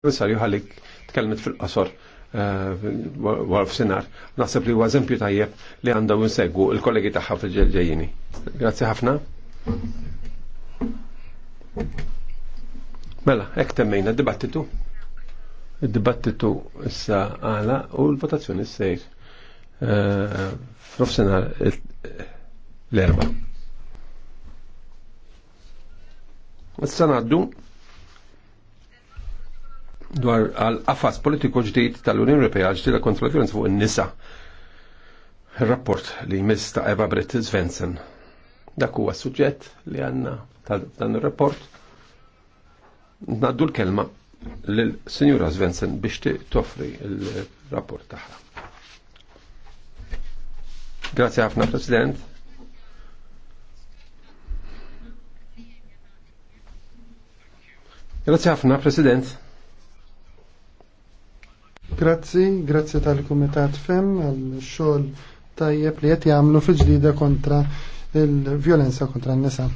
Komissarju ħalik tkellmet fil-qasor eh, warf sinar. Naħseb li huwa tajjeb li għandhom insegwu il-kollegi tagħha fil-ġejjini. Grazzi ħafna. Mela, hekk temmejna d-dibattitu. dibattitu issa għala u l-votazzjoni ssejr eh, f'nofsinhar l-erba'. Issa dwar għal affas politiku ġdid tal-Unjoni Ewropea ġdida kontra l-violenza fuq in-nisa. Il-rapport li jmiss ta' Eva Britt Svensson. Dak huwa suġġett li għandna dan ir-rapport. Naddu l-kelma lill-Sinjura Svensson biex toffri il-rapport tagħha. Grazie ħafna President. Grazie ħafna President. Grazzi, grazzi tal-Kumitat FEM għal-xogħol tajjeb li qed jagħmlu fil-ġdida kontra il-vjolenza kontra n-nisa.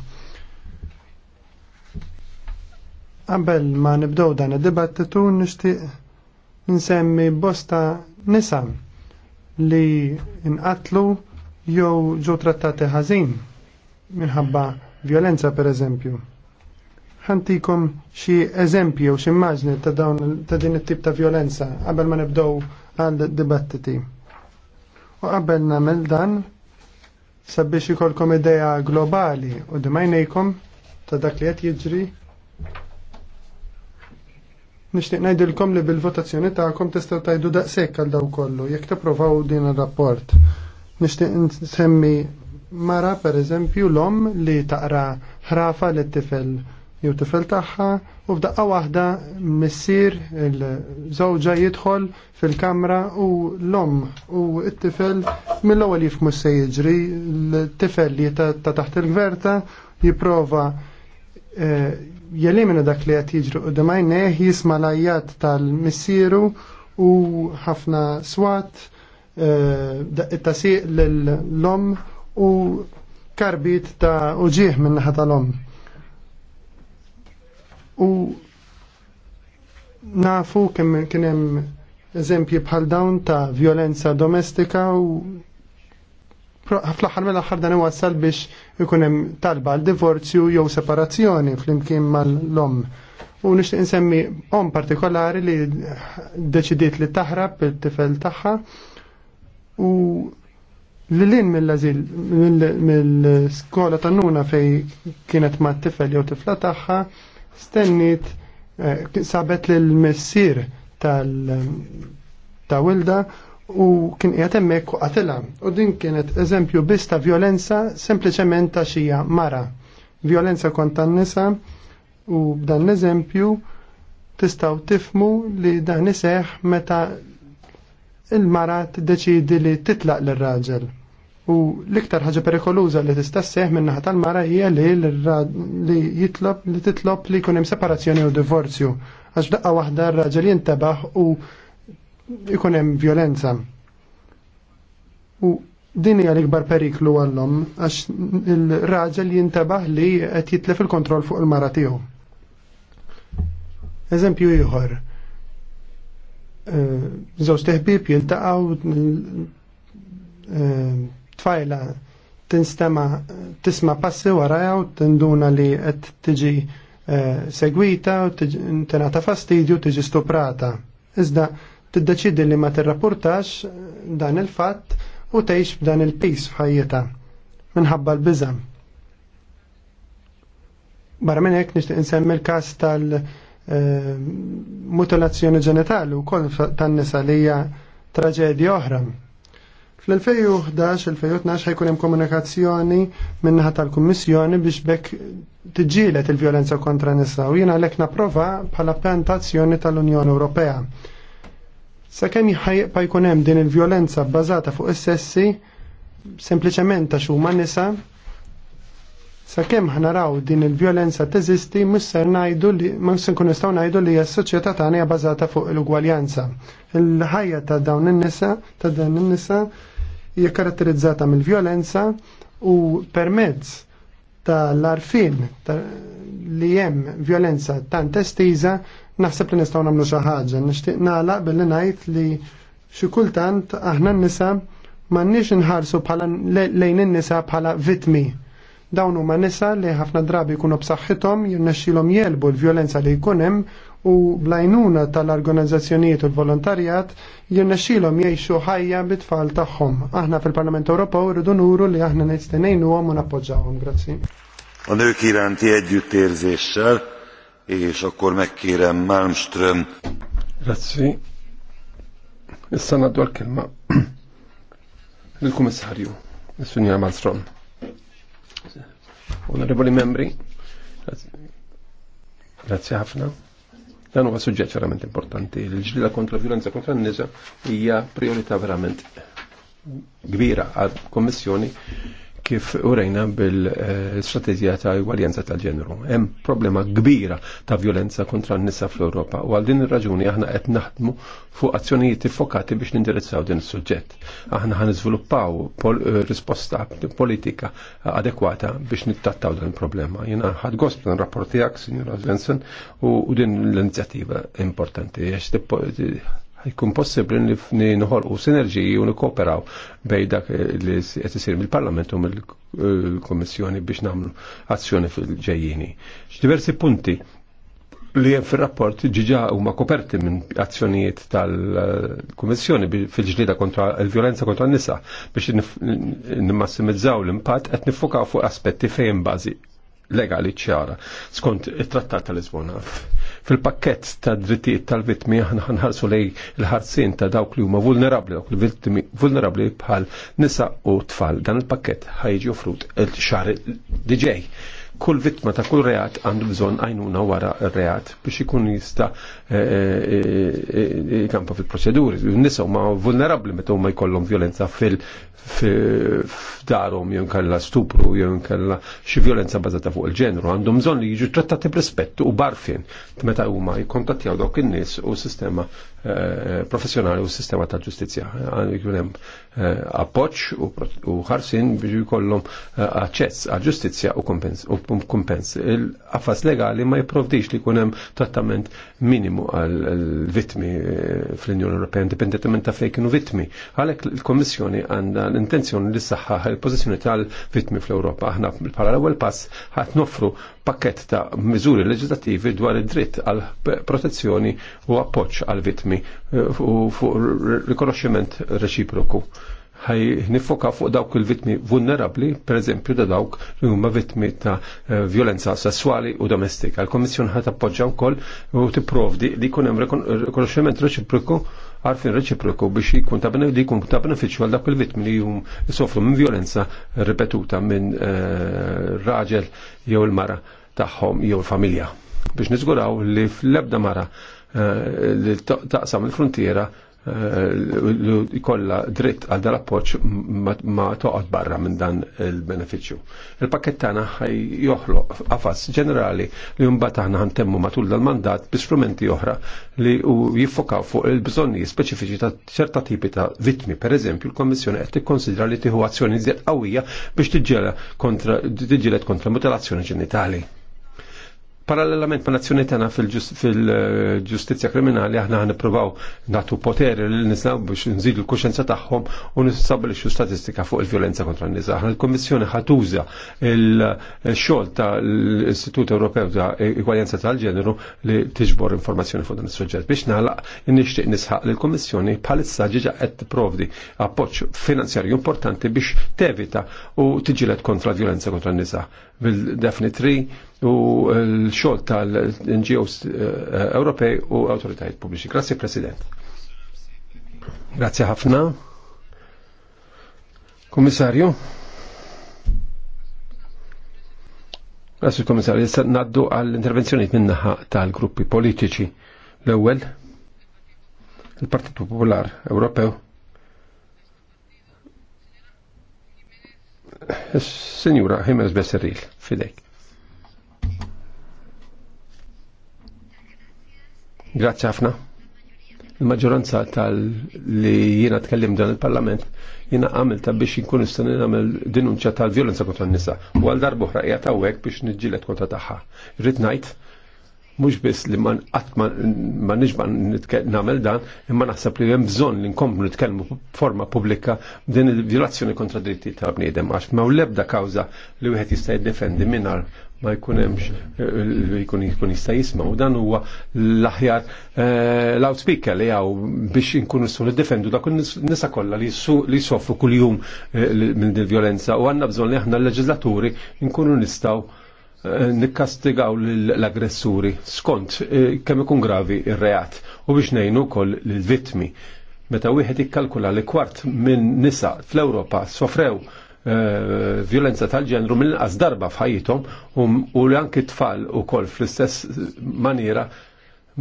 Qabel ma nibdew dan id-dibattitu nixtieq nsemmi bosta nisa li nqatlu jew ġu trattati ħażin minħabba violenza per eżempju ħantikom xi eżempju u xi immaġni ta' dawn ta' din it-tip ta' violenza qabel ma nibdew għal dibattiti. U qabel nagħmel dan sabiex ikolkom idea globali u dimajnejkom ta' dak li qed jiġri Nixtieq ngħidilkom li bil-votazzjoni tagħkom tista' tgħidu daqshekk għal daw kollu jekk tipprovaw din ir-rapport. Nixtieq nsemmi mara pereżempju l-om li taqra ħrafa l-tifel jew tifel tagħha u f'daqqa waħda missier il-żewġa jidħol fil-kamra u l-om u t-tifel mill-ewwel jifmu se jiġri l-tifel li ta' taħt il-gverta jipprova eh, jelimina dak li qed jiġri qudiem għajnejh jisma' l tal-missieru u ħafna swat eh, tasiq l-om u karbit ta' uġieħ min naħa tal-om u nafu kemm kien hemm eżempji bħal dawn ta' violenza domestika u fl-aħħar mela aħħar dan iwassal biex ikun hemm talba għal divorzju jew separazzjoni flimkien mal-lom. U nixtieq insemmi om partikolari li deċidiet li taħrab il-tifel tagħha u li lin mill-azil mill-skola tannuna fej kienet ma' tifel jew tifla tagħha stennit eh, sabet l-messir tal-ta' Wilda u kien qiegħed hemmhekk u qatilha. U din kienet eżempju biss ta' violenza sempliċement ta' xija mara. Violenza kontra nisa u b'dan l-eżempju tistgħu tifmu li dan iseħħ meta il-mara tiddeċiedi li titlaq lir raġel U l-iktar ħaġa perikoluża li tista' sseħħ min-naħa tal-mara hija li li jitlob li titlob li jkun hemm separazzjoni u divorzju għax daqqa waħda r-raġel jintabaħ u jkun hemm violenza. U din hija l-ikbar periklu għallhom għax il-raġel jintabaħ li qed jitlef il-kontroll fuq il-mara tiegħu. Eżempju ieħor. Eh, żewġ teħbib jiltaqgħu eh, tfajla tinstema tisma passi waraja u tinduna li qed tiġi eh, segwita u tingħata fastidju tiġi stuprata. Iżda tiddeċidi li ma tirrapportax eh, dan il-fatt u tgħix b'dan il-pis f'ħajjita minħabba l-biża. Barra minn hekk nixtieq insemmi l-każ tal-mutilazzjoni eh, ġenitali wkoll tan-nisa li hija traġedja oħra Fl-2011-2012 ħajkun hemm komunikazzjoni minnaħa tal-Kummissjoni biex bekk tiġġielet il-vjolenza kontra nisa u jiena għalhekk napprova bħala pjantazzjoni tal-Unjoni Ewropea. Sakemm jħajqa jkun hemm din il-vjolenza bbażata fuq is-sessi sempliċement ta' huma nisa sakemm naraw din il-vjolenza teżisti misser ngħidu li se nkun nistgħu ngħidu li s-soċjetà tagħna hija bażata fuq l-ugwaljanza. Il-ħajja ta' dawn in-nisa ta' dawn in-nisa hija karatterizzata mill-vjolenza u permezz tal-arfin li hemm vjolenza tant estiża naħseb li nistgħu nagħmlu xi ħaġa. Nixtieq nagħlaq billi ngħid li xi kultant aħna n-nisa m'għandniex inħarsu bħala lejn in-nisa bħala vitmi dawn huma nisa li ħafna drabi jkunu b'saħħithom jinnexxilhom jelbu l-vjolenza li jkun hemm u blajnuna tal-organizzazzjonijiet u l-volontarjat jirnexxilhom jgħixu ħajja bit-tfal tagħhom. Aħna fil-Parlament Ewropew irridu nuru li aħna nistenejnuhom u nappoġġawhom. Grazzi. A nők iránti együttérzéssel, és akkor megkérem Malmström. Grazie. Issa naddu għal-kelma l-Kummissarju, il sunja Malmström. Onorevoli membri, grazie ħafna. Dan huwa suġġett verament importanti. Il-ġlila kontra violenza kontra n-nisa hija priorità verament kbira għal kommissjoni kif urejna bil-strategija ta' igwaljanza tal-ġenru. Hemm problema kbira ta' violenza kontra n-nisa fl-Ewropa u għal din ir-raġuni aħna qed naħdmu fuq azzjonijiet iffokati biex nindirizzaw din is-suġġett. Aħna ħan iżviluppaw pol eh, risposta politika adekwata biex nittattaw dan il-problema. Jiena ħad gost dan rapport tiegħek, signora Svensson, u din l-inizjattiva importanti għax ħajkun possibbli li noħolqu sinerġiji u nikkooperaw bej dak li qed isir mill-Parlament u mill-Kummissjoni biex nagħmlu azzjoni fil-ġejjini. X'diversi punti li hemm fil-rapport ġiġa u ma koperti minn azzjonijiet tal kummissjoni fil-ġlida kontra l violenza kontra n-nisa biex nimmassimizzaw l-impatt għet nifokaw fuq aspetti fejn bazi legali ċara skont it-Trattat tal-Lisbona. Fil-pakket ta' drittijiet tal-vittmi aħna ħanħarsu lej il-ħarsin ta' dawk li huma vulnerabbli dawk il-vittmi vulnerabbli bħal nisa u tfal. Dan il-pakket ħajġi frut il-xar diġej kull vittma ta' kull reat għandu bżon għajnuna wara reat biex ikun jista e, e, e, jkampa fil-proċeduri. Nisa ma vulnerabli meta ma jkollhom violenza fil-darom jew kalla stupru jew kalla xi violenza bażata fuq il-ġenru. Għandhom bżon li jiġu trattati b'rispettu u barfin meta huma jikkontattjaw dawk in-nies u sistema Eh, professjonali u s-sistema tal-ġustizja. Għandu jkun hemm eh, appoġġ u ħarsin biex jkollhom eh, aċċess għal-ġustizja u kumpens. Il-qafas legali ma jipprovdix li jkun hemm trattament minimu għal-vittmi fl-Unjoni Ewropea indipendentement ta' fejn kienu vittmi. Għalhekk il komissjoni għandha l-intenzjoni li saħħaħ il-pożizzjoni tal-vittmi fl-Ewropa. Aħna bħala l-ewwel pass ħadd noffru pakket ta' miżuri leġislattivi dwar id-dritt għal protezzjoni u appoġġ għal-vittmi programmi eh, fuq rikonoxximent reċiproku. Ħaj nifoka fuq dawk il-vitmi vulnerabli, per eżempju da dawk li huma vitmi ta' eh, violenza sessuali u domestika. Il-Kommissjoni ħat appoġġa wkoll u tipprovdi li jkun hemm rikonoxximent reċiproku għarfin reċiproku biex jkun ta' li jkun ta' beneficju għal dak il-vittmi li jum sofru minn violenza ripetuta minn eh, raġel jew il-mara tagħhom jew il-familja. Biex nizguraw li fl-ebda mara li taqsam il-frontiera li eh, jkollha dritt għal dal appoġġ ma toqgħod barra minn dan il-benefiċċju. Il-pakket tagħna ħaj joħloq għafas ġenerali li mbagħad aħna ħantemmu matul dal-mandat bi strumenti oħra li jiffokaw fuq il-bżonni speċifiċi ta' ċerta tipi ta' vittmi. Per eżempju, l-Kommissjoni qed tikkonsidra li tieħu azzjoni żjed qawwija biex tiġġela kontra tiġġieled kontra mutilazzjoni ġenitali. Parallelament ma' nazzjoni tagħna fil-ġustizzja kriminali aħna nippruvaw natu poteri lil nisnaw biex nżidu l-kuxenza tagħhom u nistabbilixxu statistika fuq il-vjolenza kontra n-nisa. Aħna l-Kommissjoni ħatuża l-xogħol tal-Istitut Ewropew ta' Igwaljanza tal-Ġeneru li tiġbor informazzjoni fuq dan is-suġġett biex nagħlaq nixtieq nisħaq li l-Kommissjoni bħalissa ġiġa qed provdi appoġġ finanzjarju importanti biex tevita u tiġilet kontra l-vjolenza kontra n-nisa. Bil-Defni u l xol tal-NGOs eh, eh, Ewropej u awtoritajiet publiċi. Grazie, President. Grazie ħafna. Komissarju. Grazie, komissarju. jista' naddu għall intervenzjoni minnaħa tal-gruppi politiċi. L-ewwel il-Partit Popolar Ewropew. Signora Jimenez Besseril, fidejk. Grazzi ħafna. Il-maġġoranza tal li jiena tkellim dan il-Parlament jiena għamilta biex inkun nista' nagħmel denunċja tal-vjolenza kontra n-nisa u għal darba oħra qiegħed hawnhekk biex niġġieled kontra tagħha. Irrid ngħid mhux biss li man qatt ma nixban nagħmel dan, imma naħseb li hemm bżonn li nkomplu nitkellmu forma pubblika din il vjolazzjoni kontra dritti tal-bniedem għax ma lebda kawża li wieħed jista' jiddefendi mingħajr ma jkunemx eh, jkun jkun jista' jisma' u dan huwa l-aħjar eh, loudspeaker li għaw biex inkunu nistgħu niddefendu dak nisa kollha li jsoffu kuljum eh, minn il-vjolenza u għandna bżonn li aħna l-leġislaturi nkunu nistgħu nikkastigaw l-aggressuri skont kemm ikun gravi ir-reat u biex ngħinu wkoll lill-vittmi. Meta wieħed ikkalkula li kwart minn nisa fl-Ewropa sofrew Eh, violenza tal-ġenru mill-inqas darba f'ħajjithom um, u li anki tfal ukoll fl-istess maniera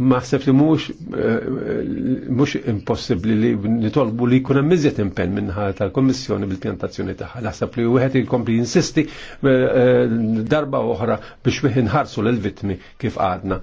ma sebt mhux eh, mhux impossibbli li nitolbu li jkun hemm iżjed impenn minnaħa tal kummissjoni bil-pjantazzjoni tagħha. Naħseb li wieħed jkompli insisti eh, darba oħra biex wieħed inħarsu lill-vittmi kif għadna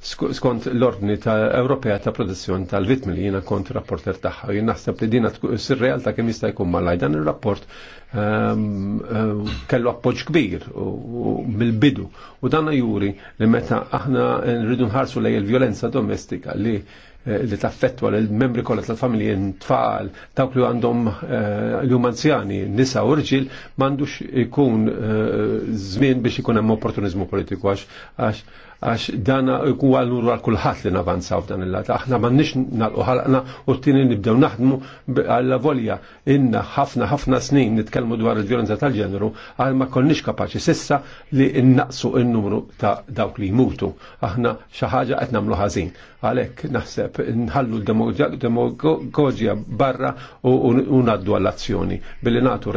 skont l-ordni ta' Ewropea ta' protezzjoni tal-vitmi li jiena kont rapporter tagħha. Jien naħseb li dina s-real ta' kemm jista' jkun malaj dan ir-rapport ehm, ehm, kellu appoġġ kbir mill-bidu u dan juri li meta aħna nridu nħarsu lej il-vjolenza domestika li eh, li taffettwa l-membri kollha tal-familji tfal dawk li għandhom eh, li huma anzjani, nisa u rġil m'għandux ikun eh, żmien biex ikun hemm opportuniżmu politiku għax għax dana huwa l-nur għal kulħadd li navanzaw f'dan il-lat. Aħna m'għandniex nagħlqu ħalqna u t-tieni nibdew naħdmu għal volja inna ħafna ħafna snin nitkellmu dwar il-vjolenza tal-ġeneru għal ma konniex kapaċi sissa li innaqsu n-numru ta' dawk li jmutu. Aħna xi ħaġa qed nagħmlu ħażin. Għalhekk naħseb nħallu l-demagogja barra u ngħaddu għall-azzjoni billi nagħtu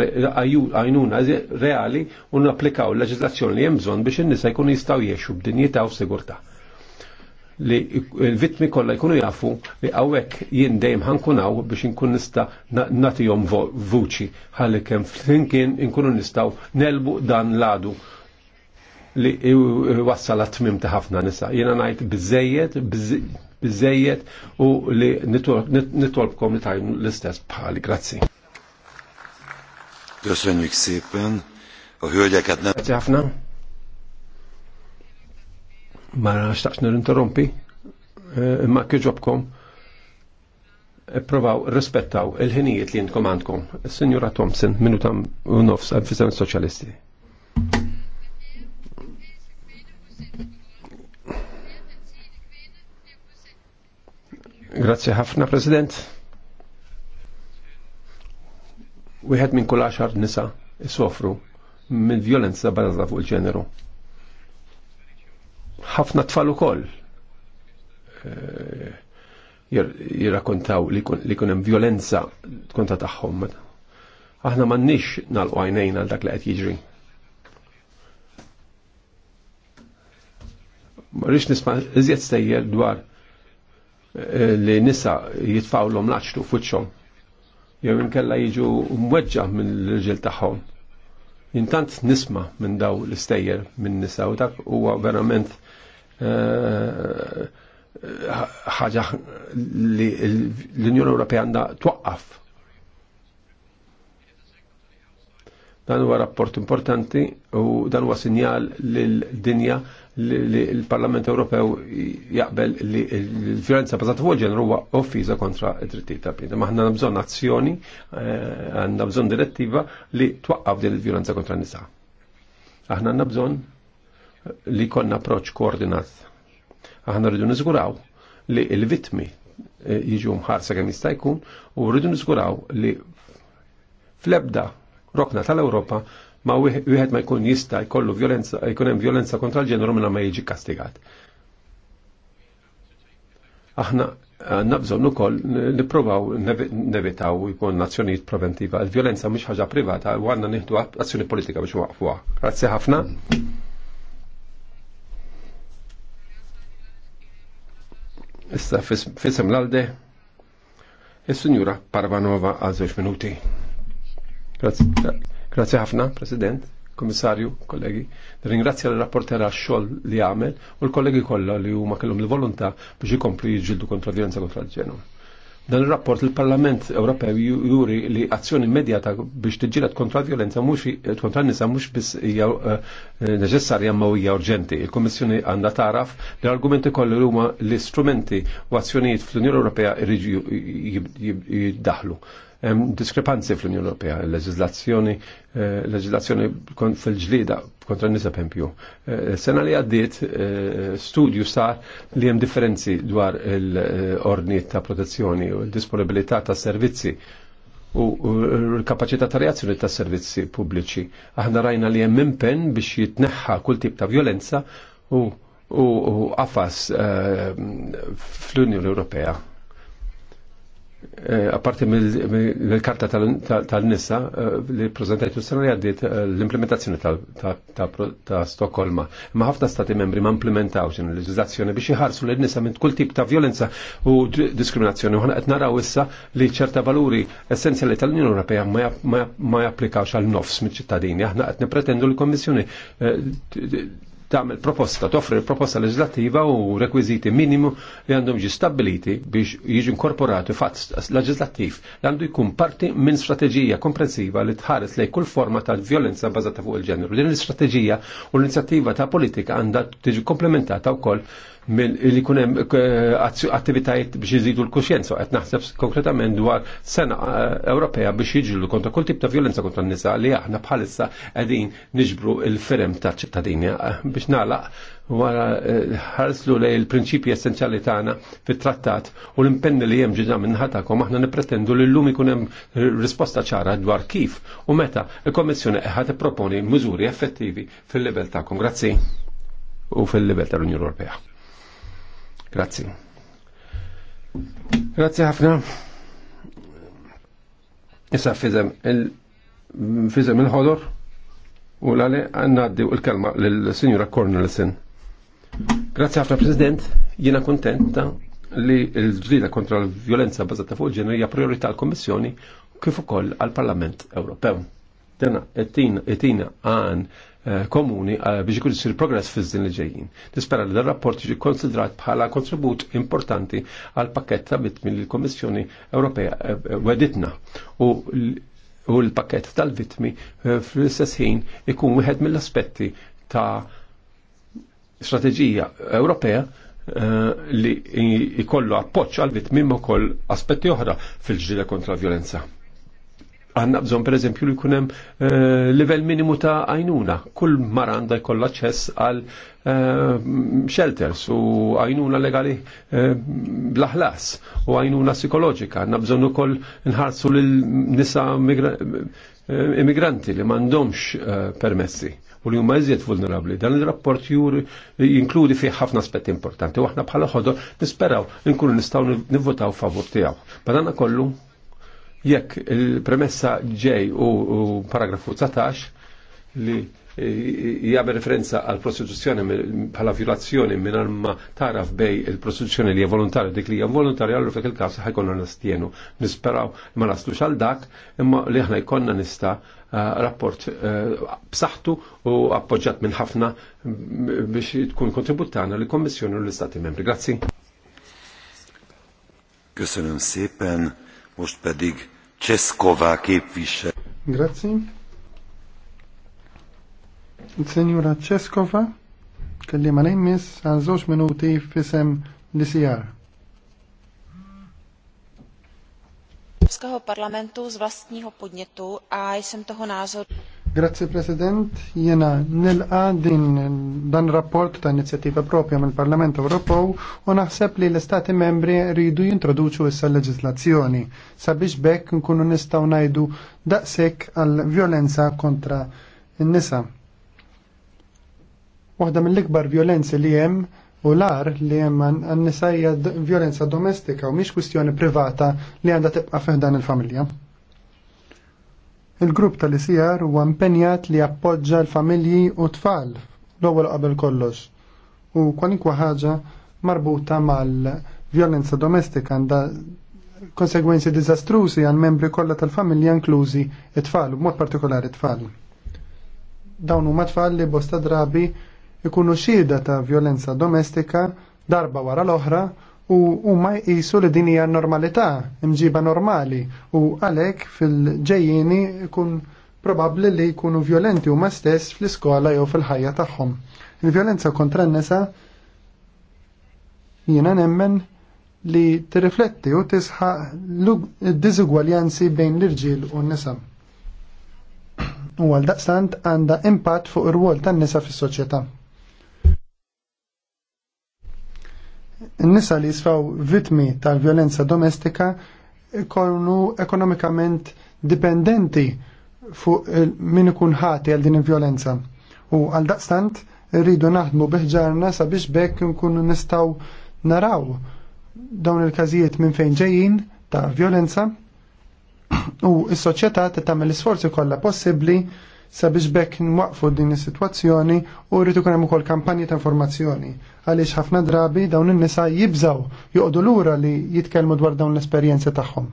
għajnuna reali u napplikaw l-leġiżlazzjoni li hemm bżonn biex in-nisa jkun jistgħu jgħixu b'dinjità sigurta li il vitmi kollha jkunu jafu li għawek jien dejjem ħankunaw biex inkun nista' natihom vuċi ħalli kemm flimkien inkunu nistgħu nelbu dan l-għadu li wassal tmim ta' ħafna nisa. Jiena ngħid biżejjed biżejjed u li nitolbkom li tajnu l-istess bħali. Grazzi. Köszönjük szépen. A hölgyeket nem... Grazie, Ma xtaqx nir-interrompi, eh, imma kieġobkom, eh, provaw rispettaw il-ħinijiet li jintkom għandkom. Signora Thompson, minuta u nofs għal soċjalisti. Grazie ħafna, President. Wieħed minn kull għaxar nisa jisofru minn violenza barazza fuq il-ġeneru ħafna tfal ukoll eh, jirrakkontaw li kun hemm violenza konta tagħhom. Aħna m'għandniex nagħlqu għajnejn għal dak li qed jiġri. Rix nisma' iżjed stejjer dwar eh, li nisa jitfawlhom laċtu fuċċhom jew inkella jiġu mweġġa mill-irġiel tagħhom. Intant nisma' minn daw l-istejjer minn nisa u dak huwa verament ħaġa li l-Unjoni Ewropea għandha twaqqaf. Dan huwa rapport importanti u dan huwa sinjal lil-dinja li l-Parlament Ewropew jaqbel li l-violenza bażata fuq ġenru huwa offiża kontra d-drittijiet tal Ma Aħna bżonn azzjoni, eh, għandna bżonn direttiva li twaqqaf din il-violenza kontra n-nisa. Aħna għandna bżonn li konna approċ koordinat. Aħna rridu nizguraw li il vitmi eh, jiġu mħarsa kemm jista' u rridu nizguraw li flebda rokna tal-Ewropa ma wieħed ma jkun jista' jkollu violenza jkun hemm violenza kontra l ġenru minn ma jiġi kastigat. Aħna nabżon ukoll nippruvaw nevitaw jkun nazzjonijiet preventiva. Il-violenza mhix ħaġa privata u għandna nieħdu azzjoni politika biex waqfuha. Grazzi ħafna. Issa fisem l-alde, il-Sinjura Parvanova għal żewġ minuti. Grazie ħafna, President, Komissarju, kollegi. Ringrazzja l-rapportera xoll xogħol li għamel u l-kollegi kollha li huma kellhom l-volontà biex ikomplu jiġġieldu kontra violenza kontra l-ġenu. Dan il-rapport il-Parlament Ewropew juri li azzjoni immedjata biex tiġġieled kontra violenza mhux kontra nisa mhux biss hija eh, neċessarja ma hija urġenti. Il-Kummissjoni għandha taraf li l-argumenti kollu huma l-istrumenti u azzjonijiet fl-Unjoni Ewropea jiddaħlu hemm diskrepanzi fl-Unjoni Ewropea, l-leġiżlazzjoni eh, leġiżlazzjoni fil-ġlida kontra n-nisa pempju. Eh, sena li għaddiet eh, studju sar li hemm differenzi dwar l-ordniet ta' protezzjoni u l-disponibilità ta' servizzi u l-kapacità ta' reazzjoni ta' servizzi pubbliċi. Aħna rajna li hemm impenn biex jitneħħa kull tip ta' violenza u u uh, fl-Unjoni Ewropea Eh, apparti mill-karta tal-nissa eh, li prezentajtu s-sena li għaddit eh, l-implementazzjoni ta' Stokholma. Ma ħafna stati membri ma implementawx il biex jħarsu l nisa minn kull tip ta' violenza u diskriminazzjoni. U ħana naraw issa li ċerta valuri essenzjali tal-Unjoni Ewropea ma japplikawx għal nofs mill ċittadini Aħna qed nipretendu l-Kommissjoni tagħmel proposta, toffri proposta leġislattiva u rekwiżiti minimu li għandhom ġi stabiliti biex jiġu inkorporati fatt leġislattiv li għandu jkun parti minn strateġija komprensiva li tħares lej kull forma ta' violenza bażata fuq il-ġeneru. Din l-istrateġija u l-inizjattiva ta' politika għandha tiġi komplementata wkoll Mill-il li kunem eh, attivitajiet biex jizidu l-kuxjenza, għet naħseb konkretament dwar sena eh, Ewropea biex jiġlu kontra kull tip ta' violenza kontra n-nisa li aħna bħalissa għedin niġbru il-ferem ta' ċittadini eh, biex nalaq wara ħarslu lej il-prinċipji essenzjali tagħna fit-trattat u l-impenni li hemm ġiġa minnħatakom aħna nippretendu li llum ikun hemm risposta ċara dwar kif u meta il-Kommissjoni qed proponi miżuri effettivi fil-livell tagħkom. Grazzi u fil-livell tal-Unjoni Ewropea. Grazzi. Grazzi ħafna. Issa fizem il-fizem il-ħodor u l-għali għannaddi u l kelma l signora Cornelison. Grazzi ħafna President, jiena kontenta li l-ġlida kontra l-violenza bazzata fuq il-ġeneri hija priorità għal-Kommissjoni kif ukoll għal-Parlament Ewropew. Dan etina għan eh, komuni eh, biex ikun isir progress fiż din li ġejjin. Nispera li dar-rapport jiġi konsidrat bħala kontribut importanti għal pakket ta' vitmi li l-Kommissjoni Ewropea eh, weditna u l-pakket tal-vitmi fl-istess ħin ikun wieħed mill-aspetti ta' strateġija Ewropea li jkollu appoġġ għal vitmim koll aspetti oħra fil-ġdida kontra violenza għanna bżon per eżempju li kunem level eh, livell minimu ta' għajnuna. Kull mara għanda jkollha ċess għal eh, shelters u għajnuna legali eh, blaħlas u għajnuna psikoloġika. Għanna bżon ukoll nħarsu lil nisa immigranti li mandomx permessi u li huma iżjed vulnerabli. Dan il-rapport jur jinkludi fih ħafna aspetti importanti u aħna bħala ħodor nisperaw nkunu nistgħu nivvotaw favur tiegħu. Ma kollu jekk il-premessa ġej u paragrafu 19 li jgħamil referenza għal prostituzzjoni bħala violazzjoni minn ma taraf bej il-prostituzzjoni li hija volontarja dik li hija volontarja għallu fek il-każ ħajkonna nastienu. Nisperaw ma naslu għal dak imma li aħna jkollna nista eh, rapport eh, b'saħħtu u appoġġjat minn ħafna biex tkun kontributana li kommissjoni u l-Istati membri. Grazzi. Köszönöm szépen most pedig Cseszkova képvisel. Grazie. il Cseszkova, Ceskova kelli ma nemmis għal żewġ minuti fisem l-ICR. Evropského parlamentu z vlastního podnětu a jsem toho názoru. Grazzi President, jena nilqa din dan rapport ta' inizjattiva propja mill parlament Ewropew u naħseb li l-Istati membri rridu jintroduċu issa leġislazzjoni sabiex bekk nkunu nistgħu ngħidu daqshekk għal violenza kontra n-nisa. Waħda mill-ikbar violenzi li hemm u lar li hemm għan-nisa hija violenza domestika u mhix kwistjoni privata li għandha tibqa' fih dan il-familja. Il-grupp tal-ICR huwa impenjat li appoġġa l-familji u tfal l-ewwel qabel kollox u kwalinkwa ħaġa marbuta mal-vjolenza domestika għandha konsegwenzi diżastrużi għal membri kollha tal-familja inklużi it-tfal, b'mod partikolari tfal. Dawn huma tfal li bosta drabi ikunu xieda ta' vjolenza domestika darba wara l-oħra u huma jqisu li din hija normalità, imġiba normali u għalhekk fil-ġejjieni jkun probabbli li jkunu violenti huma stess fl-iskola jew fil-ħajja tagħhom. Il-vjolenza kontra n-nisa jiena nemmen li tirrifletti u tisħaq diżugwaljanzi bejn l-irġiel u n-nisa. U għal daqstant għanda impatt fuq ir-rwol tan-nisa fis-soċjetà. n-nisa li jisfaw vitmi tal-violenza domestika ikonu ekonomikament dipendenti fuq min ikun ħati għal din il-violenza. U għal daqstant rridu naħdmu biħġarna sabiex bekk nkunu nistaw naraw dawn il-każijiet minn fejn ġejjin ta' violenza u s-soċjetà tagħmel l-isforzi kollha possibbli sabiex bekk nwaqfu din is-sitwazzjoni u rritu kunem ukoll kampanji ta' informazzjoni għaliex ħafna drabi dawn in-nisa jibżaw joqogħdu lura li jitkellmu dwar dawn l-esperjenzi tagħhom.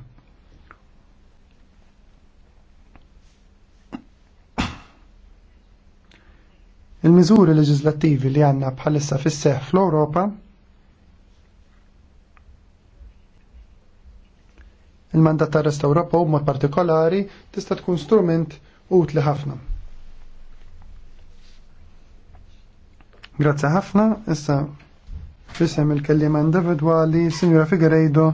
Il-miżuri leġislattivi li għanna bħalissa fis-seħ fl-Ewropa il-mandat tar-restawrapo b'mod partikolari tista' tkun strument utli ħafna. Grazzi ħafna, issa fisem il-kellima individwali signora Figueiredo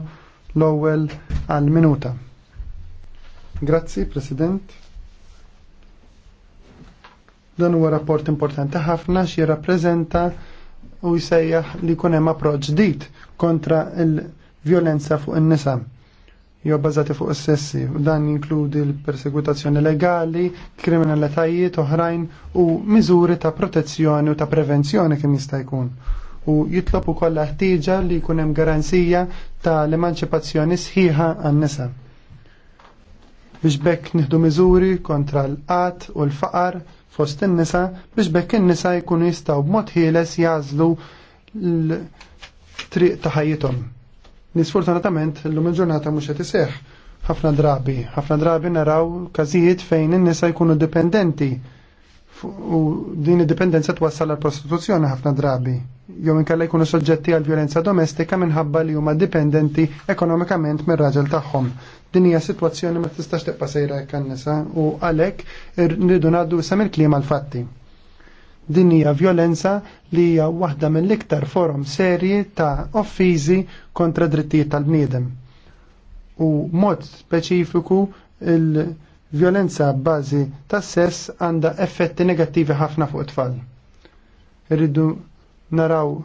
l-ewwel għal minuta. Grazzi, President. Dan huwa rapport importanti ħafna xi rappreżenta u jsejjaħ li jkun hemm approċċ kontra l-vjolenza fuq in-nisa jew bbażati fuq s sessi Dan jinkludi l-persegutazzjoni legali, kriminalitajiet oħrajn u miżuri ta' protezzjoni u ta' prevenzjoni kemm jista' jkun. U jitlob ukoll ħtieġa li jkun hemm garanzija ta' l-emanċipazzjoni sħiħa għan-nisa. Biex bekk nieħdu miżuri kontra l-qat u l-faqar fost in-nisa biex bekk in-nisa jkunu jistgħu b'mod ħieles jażlu l-triq ta' ħajjithom Nisfortunatament, l-lum il-ġurnata mux qed iseħħ ħafna drabi. ħafna drabi naraw każijiet fejn in-nisa jkunu dipendenti u din id-dipendenza twassal għal prostituzzjoni ħafna drabi. Jew inkella jkunu soġġetti għal violenza domestika minħabba li huma dipendenti ekonomikament mir-raġel tagħhom. Din hija sitwazzjoni ma tistax tibqa' sejra hekk nisa u għalhekk irridu ngħaddu isem il-kliem għal fatti. Din hija vjolenza li hija waħda mill-iktar forum serji ta' offiżi kontra drittijiet tal-bniedem. U mod speċifiku il-vjolenza bbażi tas sess għandha effetti negattivi ħafna fuq it-tfal. Irridu naraw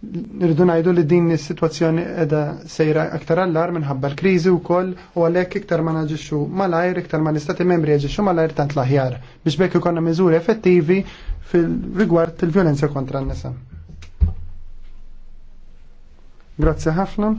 Nirridu ngħidu li din is-sitwazzjoni qiegħda sejra aktar allar minħabba l-kriżi wkoll u għalhekk iktar ma naġixxu malajr, iktar ma l-istati membri jaġixxu malajr tant laħjar biex bekk ikollna miżuri effettivi fil-rigward il violenza kontra n-nisa. Grazzi ħafna.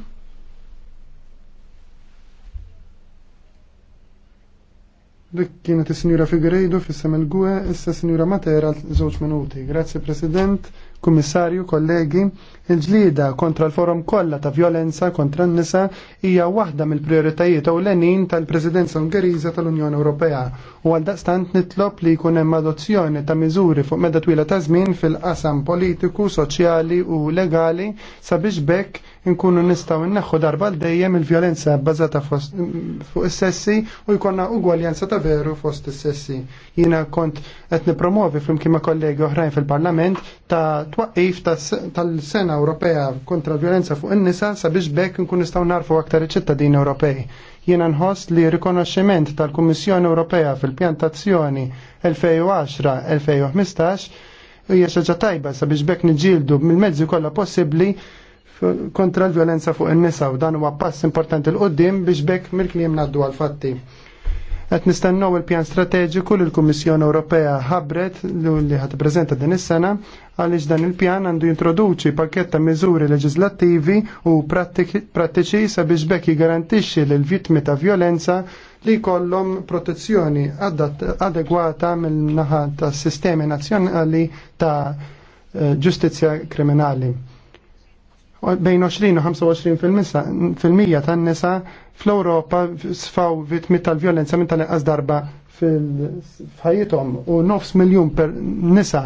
Dik kienet is-Sinjura Figueiredo fis-Semel Gwe, issa Sinjura Matera żewġ minuti. Grazzi President. Kummissarju, kollegi, il-ġlida kontra l-forum kollha ta' violenza kontra n-nisa hija waħda mill-prioritajiet ewlenin tal-Presidenza Ungheriża tal-Unjoni Ewropea u għal daqstant nitlob li jkun hemm adozzjoni ta' miżuri fuq meda twila ta' żmien fil-qasam politiku, soċjali u legali sabiex bekk inkunu nistgħu nneħħu darba l dejjem il-vjolenza bbażata fuq is-sessi u jkollna ugwaljanza ta' veru fost is-sessi. Jiena kont qed nipromovi flimkien ma' kollegi oħrajn fil-Parlament ta' twaqif tal-sena Ewropea kontra l-violenza fuq in-nisa sabiex bekk nkun nistgħu narfu aktar iċ-ċittadini Ewropej. Jiena nħoss li rikonoxximent tal-Kummissjoni Ewropea fil-pjantazzjoni 2010-2015 hija xaġa tajba sabiex bekk niġġieldu mill-mezzi kollha possibbli kontra l-violenza fuq in-nisa u dan huwa pass importanti l qudiem biex bekk mill-kliem ngħaddu għal-fatti. Qed nistennew il-pjan strateġiku li l-Kummissjoni Ewropea ħabbret li ħad prezenta din is-sena għaliex dan il-pjan għandu jintroduċi pakkett ta' miżuri leġislattivi u prattiċi sabiex bekk jgarantixxi l vittmi ta' violenza li kollom protezzjoni adegwata mill-naħa tas sistemi nazzjonali ta' eh, ġustizzja kriminali bejn 20 u 25% fil-mija tan-nisa fl-Ewropa sfaw vittmi tal-vjolenza minn tal-inqas darba fil-ħajjithom u nofs miljun per nisa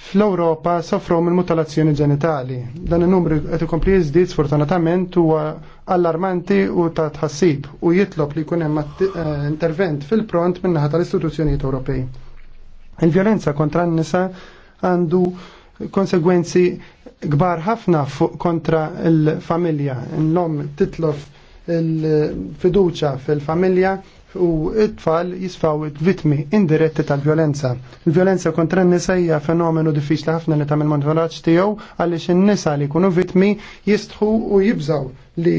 fl-Ewropa sofru minn mutilazzjoni ġenitali. Dan in-numru qed ikompli jiżdied sfortunatament huwa allarmanti u ta' tħassib u jitlob li jkun hemm eh, intervent fil-pront min-naħa tal-istituzzjonijiet Ewropej. Il-vjolenza kontra n-nisa għandu konsegwenzi kbar ħafna kontra il familja L-om titlof il-fiduċa fil-familja u it-tfal jisfaw it-vitmi indiretti tal-violenza. Il-violenza kontra n-nisa hija fenomenu diffiċli ħafna li tagħmel monitoraġġ tiegħu għaliex in-nisa li jkunu vitmi jistħu u jibżaw li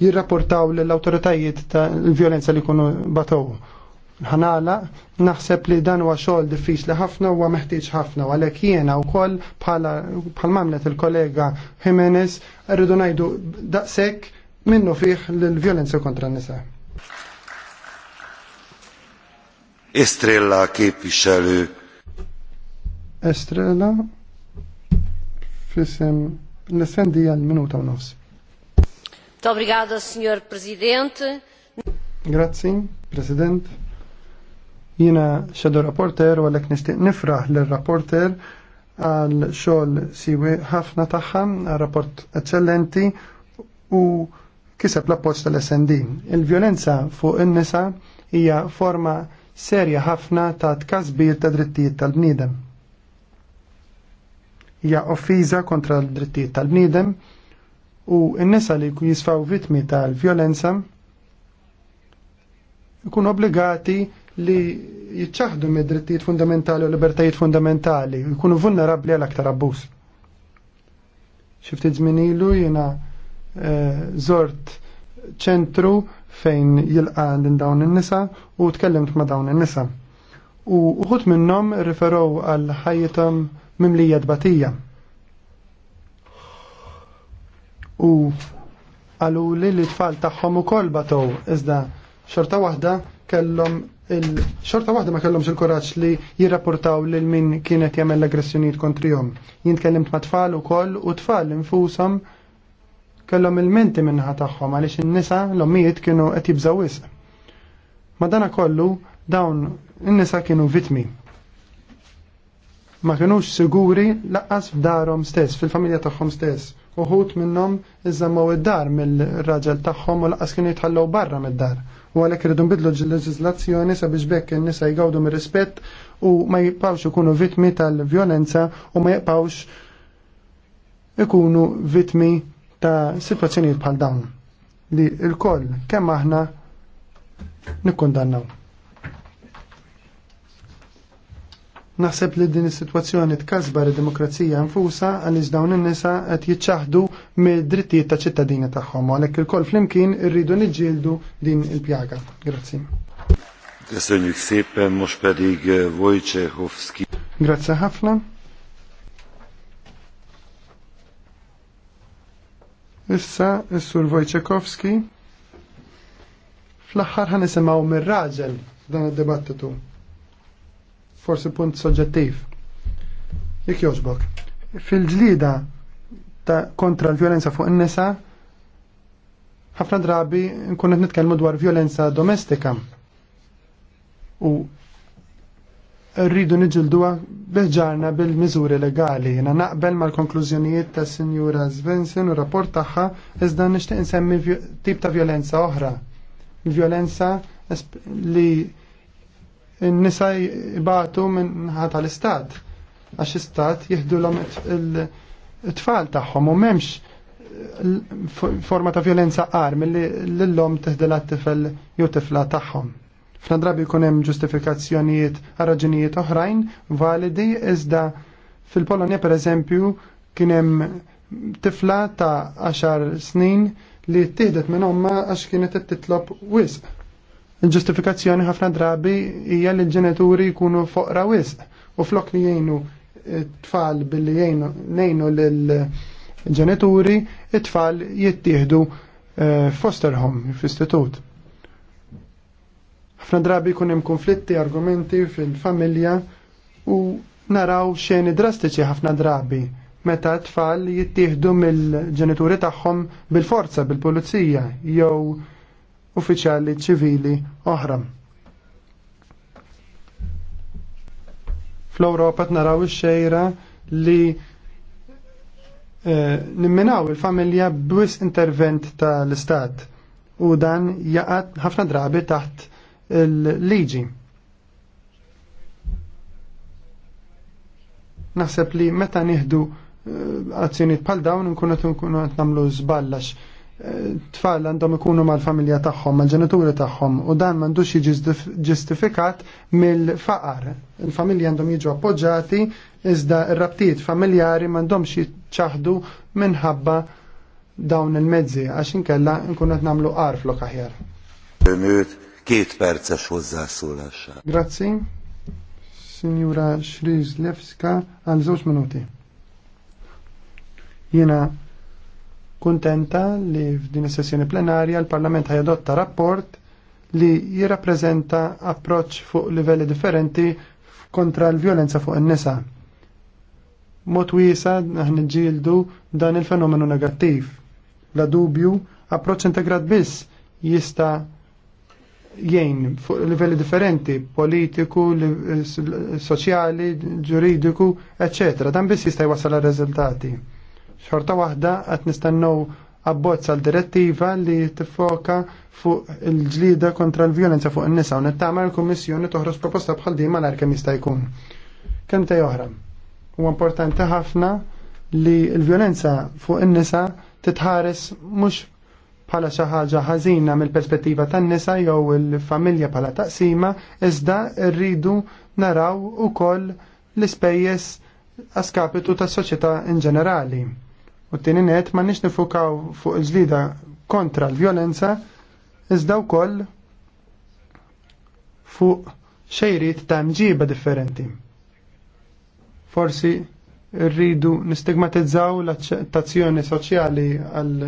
jirrapportaw l-autoritajiet tal violenza li jkunu batow ħanala naħseb li dan huwa xogħol diffiċli ħafna huwa meħtieġ ħafna għalhekk jiena wkoll bħala bħal mamlet il-kollega Jimenez rridu ngħidu daqshekk minnu fih l-vjolenza kontra n-nisa. Estrella képviselő. Estrella fisem l-essendi għal-minuta u nofs. Muito obrigada, Presidente. Grazie, Presidente. Jina xedu rapporter u għalek nistiq nifraħ l-rapporter għal xogħol siwi ħafna tagħha, rapport eccellenti u kiseb l-appoġġ tal-SND. Il-vjolenza fuq in-nisa hija forma serja ħafna ta' tkasbir ta' drittijiet tal-bniedem. Hija offiża kontra l-drittijiet tal-bniedem u n-nisa li jisfaw vitmi tal-vjolenza ikun obbligati li jitċaħdu mid-drittijiet fundamentali u libertajiet fundamentali, jkunu vulnerabli għal aktar abbuż. Xifti żmien ilu jiena zort eh, ċentru fejn jilqa din dawn in-nisa u tkellimt ma' dawn in-nisa. U uħut minnhom riferaw għal ħajjithom mimlija batija. U għalu li t tfal tagħhom ukoll batow iżda xorta waħda kellhom il-xorta waħda ma kellhomx il-kuraġġ li jirrapportaw lil min kienet jagħmel l-aggressjonijiet kontrihom. Jien tkellimt ma' tfal ukoll u tfal infushom kellhom il-menti minnaħa tagħhom għaliex in-nisa l-ommijiet kienu qed jibżaw wisq. Ma dana kollu dawn in-nisa kienu vitmi ma kinux siguri laqqas f'darhom stess, fil-familja tagħhom stess. Uħut minnhom iżammaw id-dar mill-raġel tagħhom u laqqas kienu jitħallew barra mid-dar. U għalhekk irridu nbidlu l-leġiżlazzjoni sabiex bekk in-nisa jgawdu mir-rispett u ma jibqawx ikunu vittmi tal-vjolenza u ma jibqawx ikunu vittmi ta' situazzjonijiet bħal dawn li l-koll kemm aħna nikkundannaw. Naħseb li din is-sitwazzjoni tkasbar id-demokrazija nfusa għaliex dawn in-nisa qed jiċċaħdu mid-drittijiet ta' ċittadini tagħhom għalhekk il-kol flimkien irridu niġġieldu din il-pjaga. Grazzi. Köszönjük szépen, most pedig eh, Wojciechowski. Grazie ħafna. Issa, is sur Wojciechowski. Fl-axħar ħan mir-raġel dan id-dibattitu forsi punt soġġettiv. Jek joġbok. Fil-ġlida ta' kontra l-violenza fuq in-nisa, ħafna drabi nkun qed nitkellmu dwar violenza domestika. U rridu niġilduha beġarna bil-miżuri legali. Jena naqbel mal-konklużjonijiet ta' Sinjura Svensson u rapport tagħha iżda nixtieq insemmi tip ta' violenza oħra. Violenza li n-nisa jibatu minn ħata l-istat għax istat jihdu l il-tfal tagħhom u m'hemmx eh, forma ta' violenza qar milli l-lom tihdela t-tifel jew tifla tagħhom. Fna drabi jkun hemm ġustifikazzjonijiet raġunijiet oħrajn validi iżda fil-Polonja pereżempju kien hemm tifla ta' 10 snin li tieħdet minn omma għax kienet titlob wisq Il-ġustifikazzjoni ħafna drabi hija li l-ġenituri jkunu foqra wisq u flok li jgħinu t-tfal eh, billi jgħinu l-ġenituri, it-tfal jittieħdu eh, foster home f'istitut. ħafna drabi jkun hemm konflitti, argumenti fil-familja u naraw xeni drastiċi ħafna drabi meta t-tfal jittieħdu mill-ġenituri tagħhom bil-forza, bil-pulizija jew uffiċjali ċivili oħra. Fl-Ewropa naraw ix-xejra li eh, nimminaw il-familja bwis intervent tal-istat u dan jaqat ħafna drabi taħt il-liġi. Naħseb li meta nieħdu eh, azzjonijiet bħal dawn nkunu qed nagħmlu żballax tfal għandhom ikunu mal-familja tagħhom, mal-ġenituri tagħhom u dan m'għandux jiġi ġustifikat mill-faqar. Il-familja għandhom jiġu appoġġati iżda r-rabtiet familjari m'għandhomx jiċċaħdu minħabba dawn il-mezzi għax inkella nkunu qed nagħmlu qar flok aħjar. Kiet perces hozzászólással. Grazzi. Signora Shrizlevska, għal żewġ minuti. Jena Kuntenta li f'din is-sessjoni plenarja l-Parlament ħajadotta rapport li jirrappreżenta approċċ fuq livelli differenti kontra l-vjolenza fuq in-nisa. Mod wiesa aħna ġildu dan il-fenomenu negattiv. La dubju, approċċ integrat biss jista' jgħin fuq livelli differenti, politiku, soċjali, ġuridiku, eccetera. Dan biss jista' jwassal għal riżultati. Xorta waħda qed nistennew abbozza l-direttiva li tifoka fuq il-ġlida kontra l-vjolenza fuq in-nisa u nittama l-Kummissjoni toħroġ proposta bħal dima malar kemm jista' jkun. Kemm ta' oħra. Huwa importanti ħafna li l-vjolenza fuq in-nisa titħares mhux bħala xi ħaġa ħażina mill-perspettiva tan-nisa jew il-familja bħala taqsima, iżda rridu naraw ukoll l-ispejjeż għaskapitu tas soċjetà in ġenerali. U t-tini net ma nix nifukaw fuq il-ġlida kontra l-violenza iżda wkoll fuq xejrit ta' mġiba differenti. Forsi rridu nistigmatizzaw l-attazzjoni soċjali għal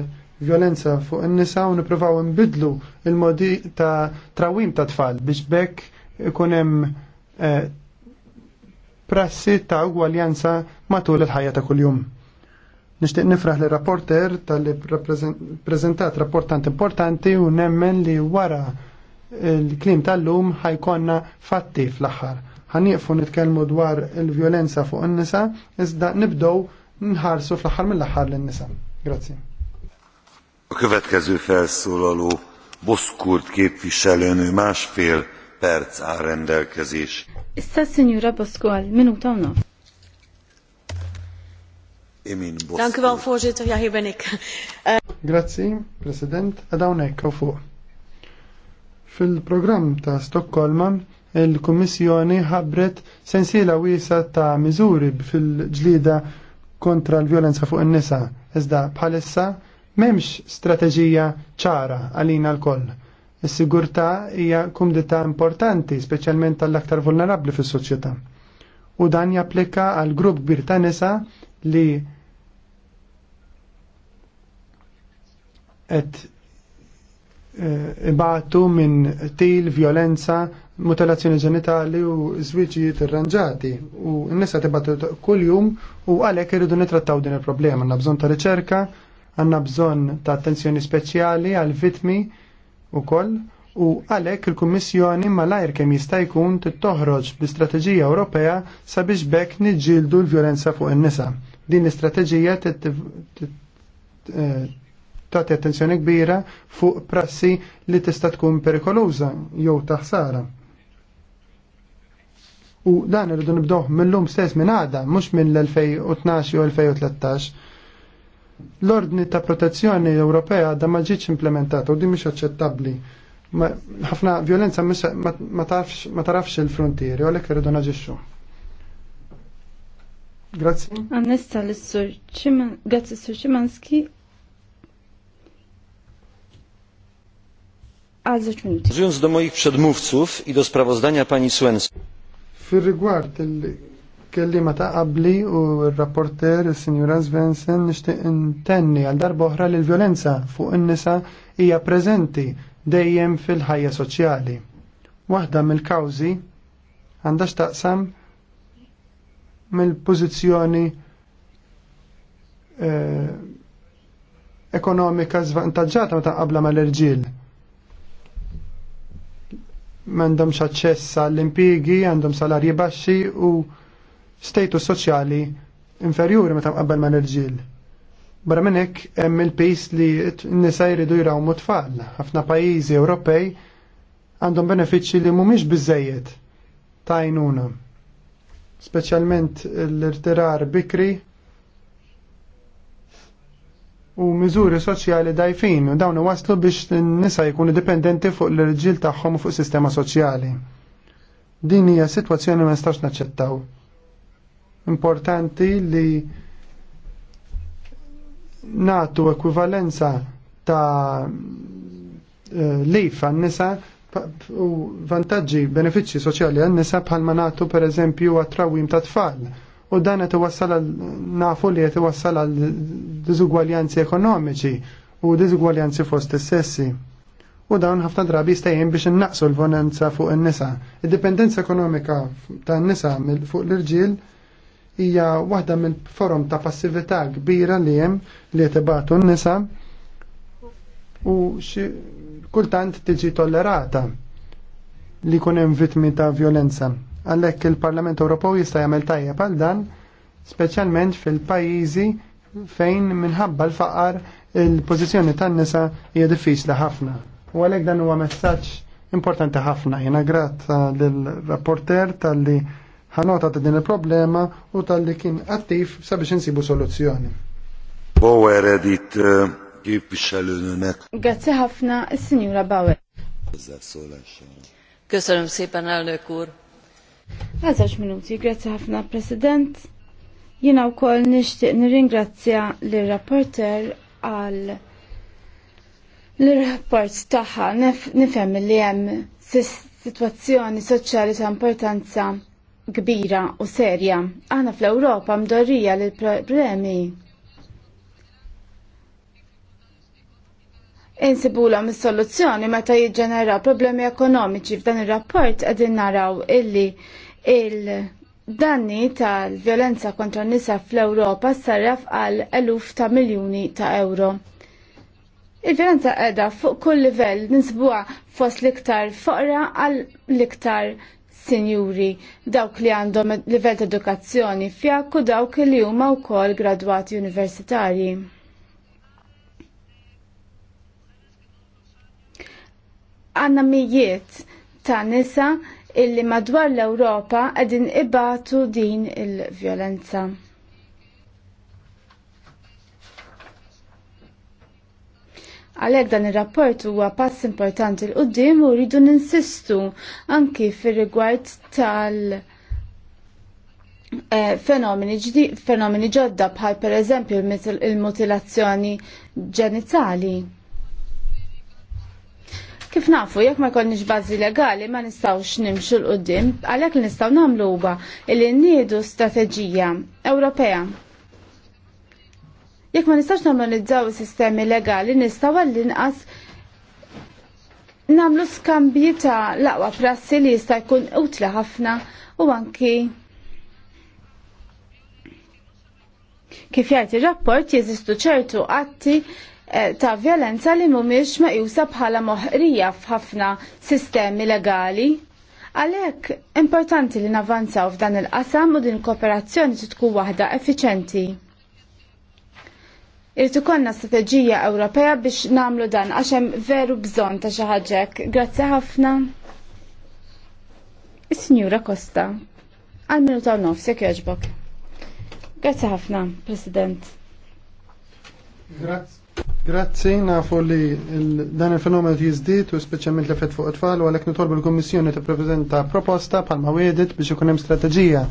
violenza fuq in-nisa u nippruvaw nbidlu il-modi ta' trawim ta' tfal biex bekk ikun hemm eh, prassi ta' ugwaljanza matul il-ħajja ta' kuljum. Nishtiq nifraħ li rapporter tal-li prezentat rapportant importanti u nemmen li wara il-klim tal-lum ħajkonna fatti fl-aħħar. Ħaniqfu nitkelmu dwar il violenza fuq in-nisa, iżda nibdow nħarsu fl-aħħar mill-aħħar l nisa Grazie. A következő felszólaló Boszkurt képviselőnő másfél perc áll rendelkezés. Issa, Signora Boszkurt, minúta u Emin Dank u wel, voorzitter. Ja, hier ben ik. Eh, Grazie, president. Adawnek, u fuq. Fil-programm ta' Stokkolma, il-Kommissjoni ħabret sensiela wiesa ta' miżuri fil-ġlida kontra l-violenza fuq in-nisa. Iżda bħalissa m'hemmx strateġija ċara għalina l-koll. Is-sigurtà hija kumdita importanti, speċjalment tal-aktar vulnerabbli fis-soċjetà. U dan japplika għal grupp kbir ta' nisa li et eh, ibatu minn til, violenza, mutilazzjoni ġenitali u żwieġijiet irranġati. U n-nisa tibatu kuljum u għalhekk irridu nitrattaw din il-problema. Għanna bżonn ta' riċerka, għandna bżonn ta' attenzjoni speċjali għal vitmi u koll u għalhekk il-Kummissjoni malajr kemm jista' jkun tittoħroġ bl-Istrateġija Ewropea sabiex bekk niġġieldu l-vjolenza fuq in-nisa. Din l-istrateġija eh, tagħti attenzjoni kbira fuq prassi li tista' tkun perikoluża jew taħsara. U dan irridu nibdoh mill-lum stess minn għada, mhux minn l-2012 u 2013. L-ordni ta' protezzjoni Ewropea da ma ġietx implementata u din mhix aċċettabbli. Ħafna violenza ma tarafx il-frontieri, u għalhekk irridu naġixxu. Grazzi. Għannista l-Sur grazie Sur Cimanski. Nawiązując do moich przedmówców i do sprawozdania pani Swenson. Fil-rigward il-kellima ta' qabli u r-rapporter s-Sinjura Svensen nixtieq intenni għal darba oħra li l-violenza fuq in-nisa hija preżenti dejjem fil-ħajja soċjali. Waħda mill-kawżi għandax taqsam mill-pożizzjoni eh, ekonomika zvantagġata ta' qabla mal-irġiel m'għandhomx aċċess għall-impjiegi, għandhom salarji baxxi u status soċjali inferjuri meta qabel ma' l-irġiel. Barra minn hekk hemm il-pis li n-nisa jridu jrawmu tfal. Ħafna pajjiżi Ewropej għandhom benefiċċji li mhumiex biżejjed ta' għajnuna. Speċjalment l-irtirar bikri u miżuri soċjali dajfin u dawn waslu biex nisa jkunu dipendenti fuq l-irġil tagħhom fuq sistema soċjali. Din hija sitwazzjoni ma nistax naċċettaw. Importanti li natu ekwivalenza ta' eh, lif għan-nisa u vantaġġi benefiċċji soċjali għan-nisa bħalma nagħtu pereżempju għat għatrawim ta' tfal u dan qed iwassal nafu li qed iwassal għal diżugwaljanzi ekonomiċi u diżugwaljanzi fost is-sessi. U dawn ħafna drabi stejjin biex innaqsu l-vonanza fuq in-nisa. Id-dipendenza ekonomika tan-nisa fuq l-irġiel hija waħda mill-forum ta' passività kbira li hemm li qed ibatu n-nisa u kultant tiġi tollerata li kun hemm vittmi ta' violenza. Għalhekk il-Parlament Ewropew jista' jagħmel tajjeb għal dan, speċjalment fil-pajjiżi fejn minħabba l-faqar il-pożizzjoni tan-nisa hija diffiċli ħafna. U għalhekk dan huwa messaġġ importanti ħafna. Jiena grat lill-rapporter tal-li ħanota ta' din il-problema u tal-li kien attiv sabiex insibu soluzzjoni. Bower edit eh, kif xalununek. Grazzi ħafna, il-Sinjura Bower. Köszönöm szépen, elnök kur. Għazax minuti, grazzi ħafna President. Jina u kol nishtiq nirringrazzja l-rapporter għal l-rapport taħħa nifem li jem situazzjoni soċjali ta' importanza kbira u serja. Aħna fl-Ewropa mdorrija li l-problemi insibula mis-soluzzjoni meta jiġġenera problemi ekonomiċi f'dan ir-rapport qegħdin naraw illi Il-danni tal-violenza kontra n-nisa fl-Europa sarraf għal eluf ta' miljoni ta' euro. Il-violenza qiegħda fuq kull livell nisbuha fost l-iktar foqra għal liktar iktar sinjuri dawk li għandhom livell ta' edukazzjoni fjak dawk li huma wkoll gradwati universitarji. Għanna mijiet ta' nisa illi madwar l-Ewropa qegħdin ibatu din il-vjolenza. Għalhekk dan ir-rapport huwa pass importanti l qudiem u rridu ninsistu anki fir-rigward tal- eh, fenomeni, fenomeni ġodda bħal per eżempju il-mutilazzjoni ġenitali. Kif nafu, jekk ma jkollniex bażi legali ma nistgħux nimxu l qudiem għalhekk li nistgħu nagħmlu huwa li nniedu strateġija Ewropea. Jekk ma nistgħux normalizzaw is-sistemi legali nistgħu għall-inqas namlu skambji ta' laqwa prassi li jista' jkun utli ħafna u anki kif jgħid ir-rapport jeżistu ċertu atti Eh, ta' violenza li mhumiex jusa bħala moħrija f'ħafna sistemi legali. Għalhekk importanti li navanzaw f'dan il-qasam u din kooperazzjoni tkun waħda effiċenti. Irtu konna strategija Ewropea biex namlu dan għaxem veru bżon ta' xaħġek. Grazzi ħafna. Is-Sinjura Costa għal u nofs jekk joġbok. Grazzi ħafna, President. Grazzi. Grazzi, nafu li dan il-fenomen jizdit u speċjalment l-effett fuq it-tfal u għalhekk nitolbu l-Kummissjoni tippreżenta proposta bħalma wedet biex ikun hemm strateġija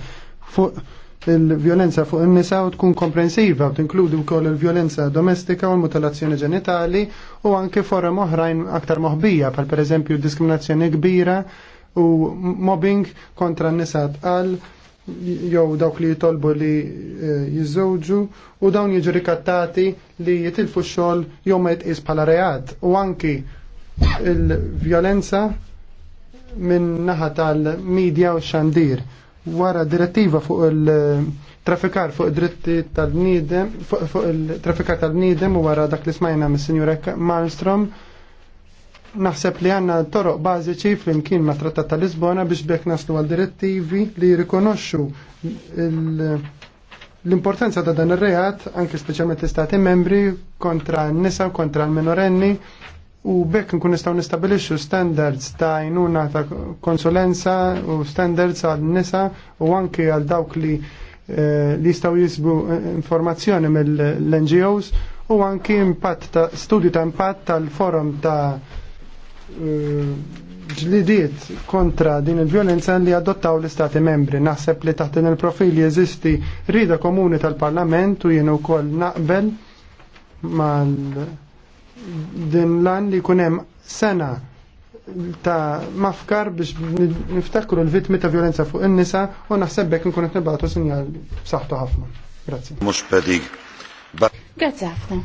fuq il-vjolenza fuq in-nisa u tkun komprensiva u tinkludi wkoll il-vjolenza domestika u l-mutilazzjoni ġenitali u anke forem oħrajn aktar moħbija bħal pereżempju diskriminazzjoni kbira u mobbing kontra n-nisa tqal jew dawk li jitolbu li eh, jizzowġu u dawn jiġu rikattati li jitilfu xogħol jew ma jitqis bħala reat u anki il-vjolenza minn naħa tal-medja u xandir wara direttiva fuq il-trafikar fuq id-dritti tal nidem fuq il-trafikar tal-bniedem u wara dak li smajna mis-Sinjura Malmstrom Naħseb li għanna toroq bażiċi fl-imkien ma' trattat ta' Lisbona biex bekk naslu għal direttivi li jirrikonoxxu l-importanza ta' dan ir-reat anke speċjalment l-istati membri kontra n-nisa kontra l-minorenni u bekk nkun nistgħu nistabilixxu standards ta' għajnuna ta' konsulenza u standards għal nisa u anke għal dawk li eh, li jistgħu jisbu informazzjoni mill-NGOs u anke impatt ta' studju ta' impatt tal-forum ta' ġlidiet kontra din il-violenza li adottaw l-Istati membri. Naħseb li taħt din il-profil jeżisti rida komuni tal-Parlament u jenu kol naqbel mal din lan li kunem sena ta' mafkar biex niftakru l-vitmi ta' violenza fuq in-nisa u naħsebbek nkun qed nibgħatu sinjal b'saħħtu ħafna. Grazzi. Mhux pedig. Grazzi ħafna.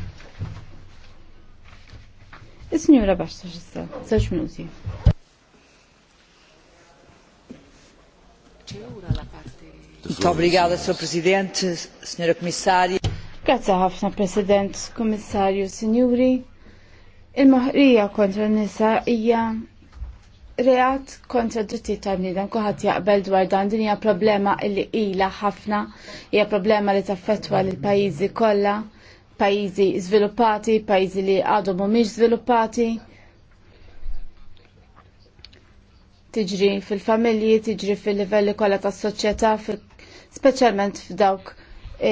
Is-Sinjura Baxta xissa, żewġ minuti. Obrigada, Sr. Presidente, Sra. Commissária. Grazie ħafna, President, Kommissarju, Sinjuri. Il-maħrija kontra n-nisa hija reat kontra dritti ta' bnidem kuħat jaqbel dwar dan din hija problema illi ila ħafna, hija problema li taffettwa l-pajjiżi kollha pajizi sviluppati, pajizi li għadu mumiex sviluppati. Tiġri fil-familji, tiġri fil-livelli kollha tas-soċjetà, speċjalment f'dawk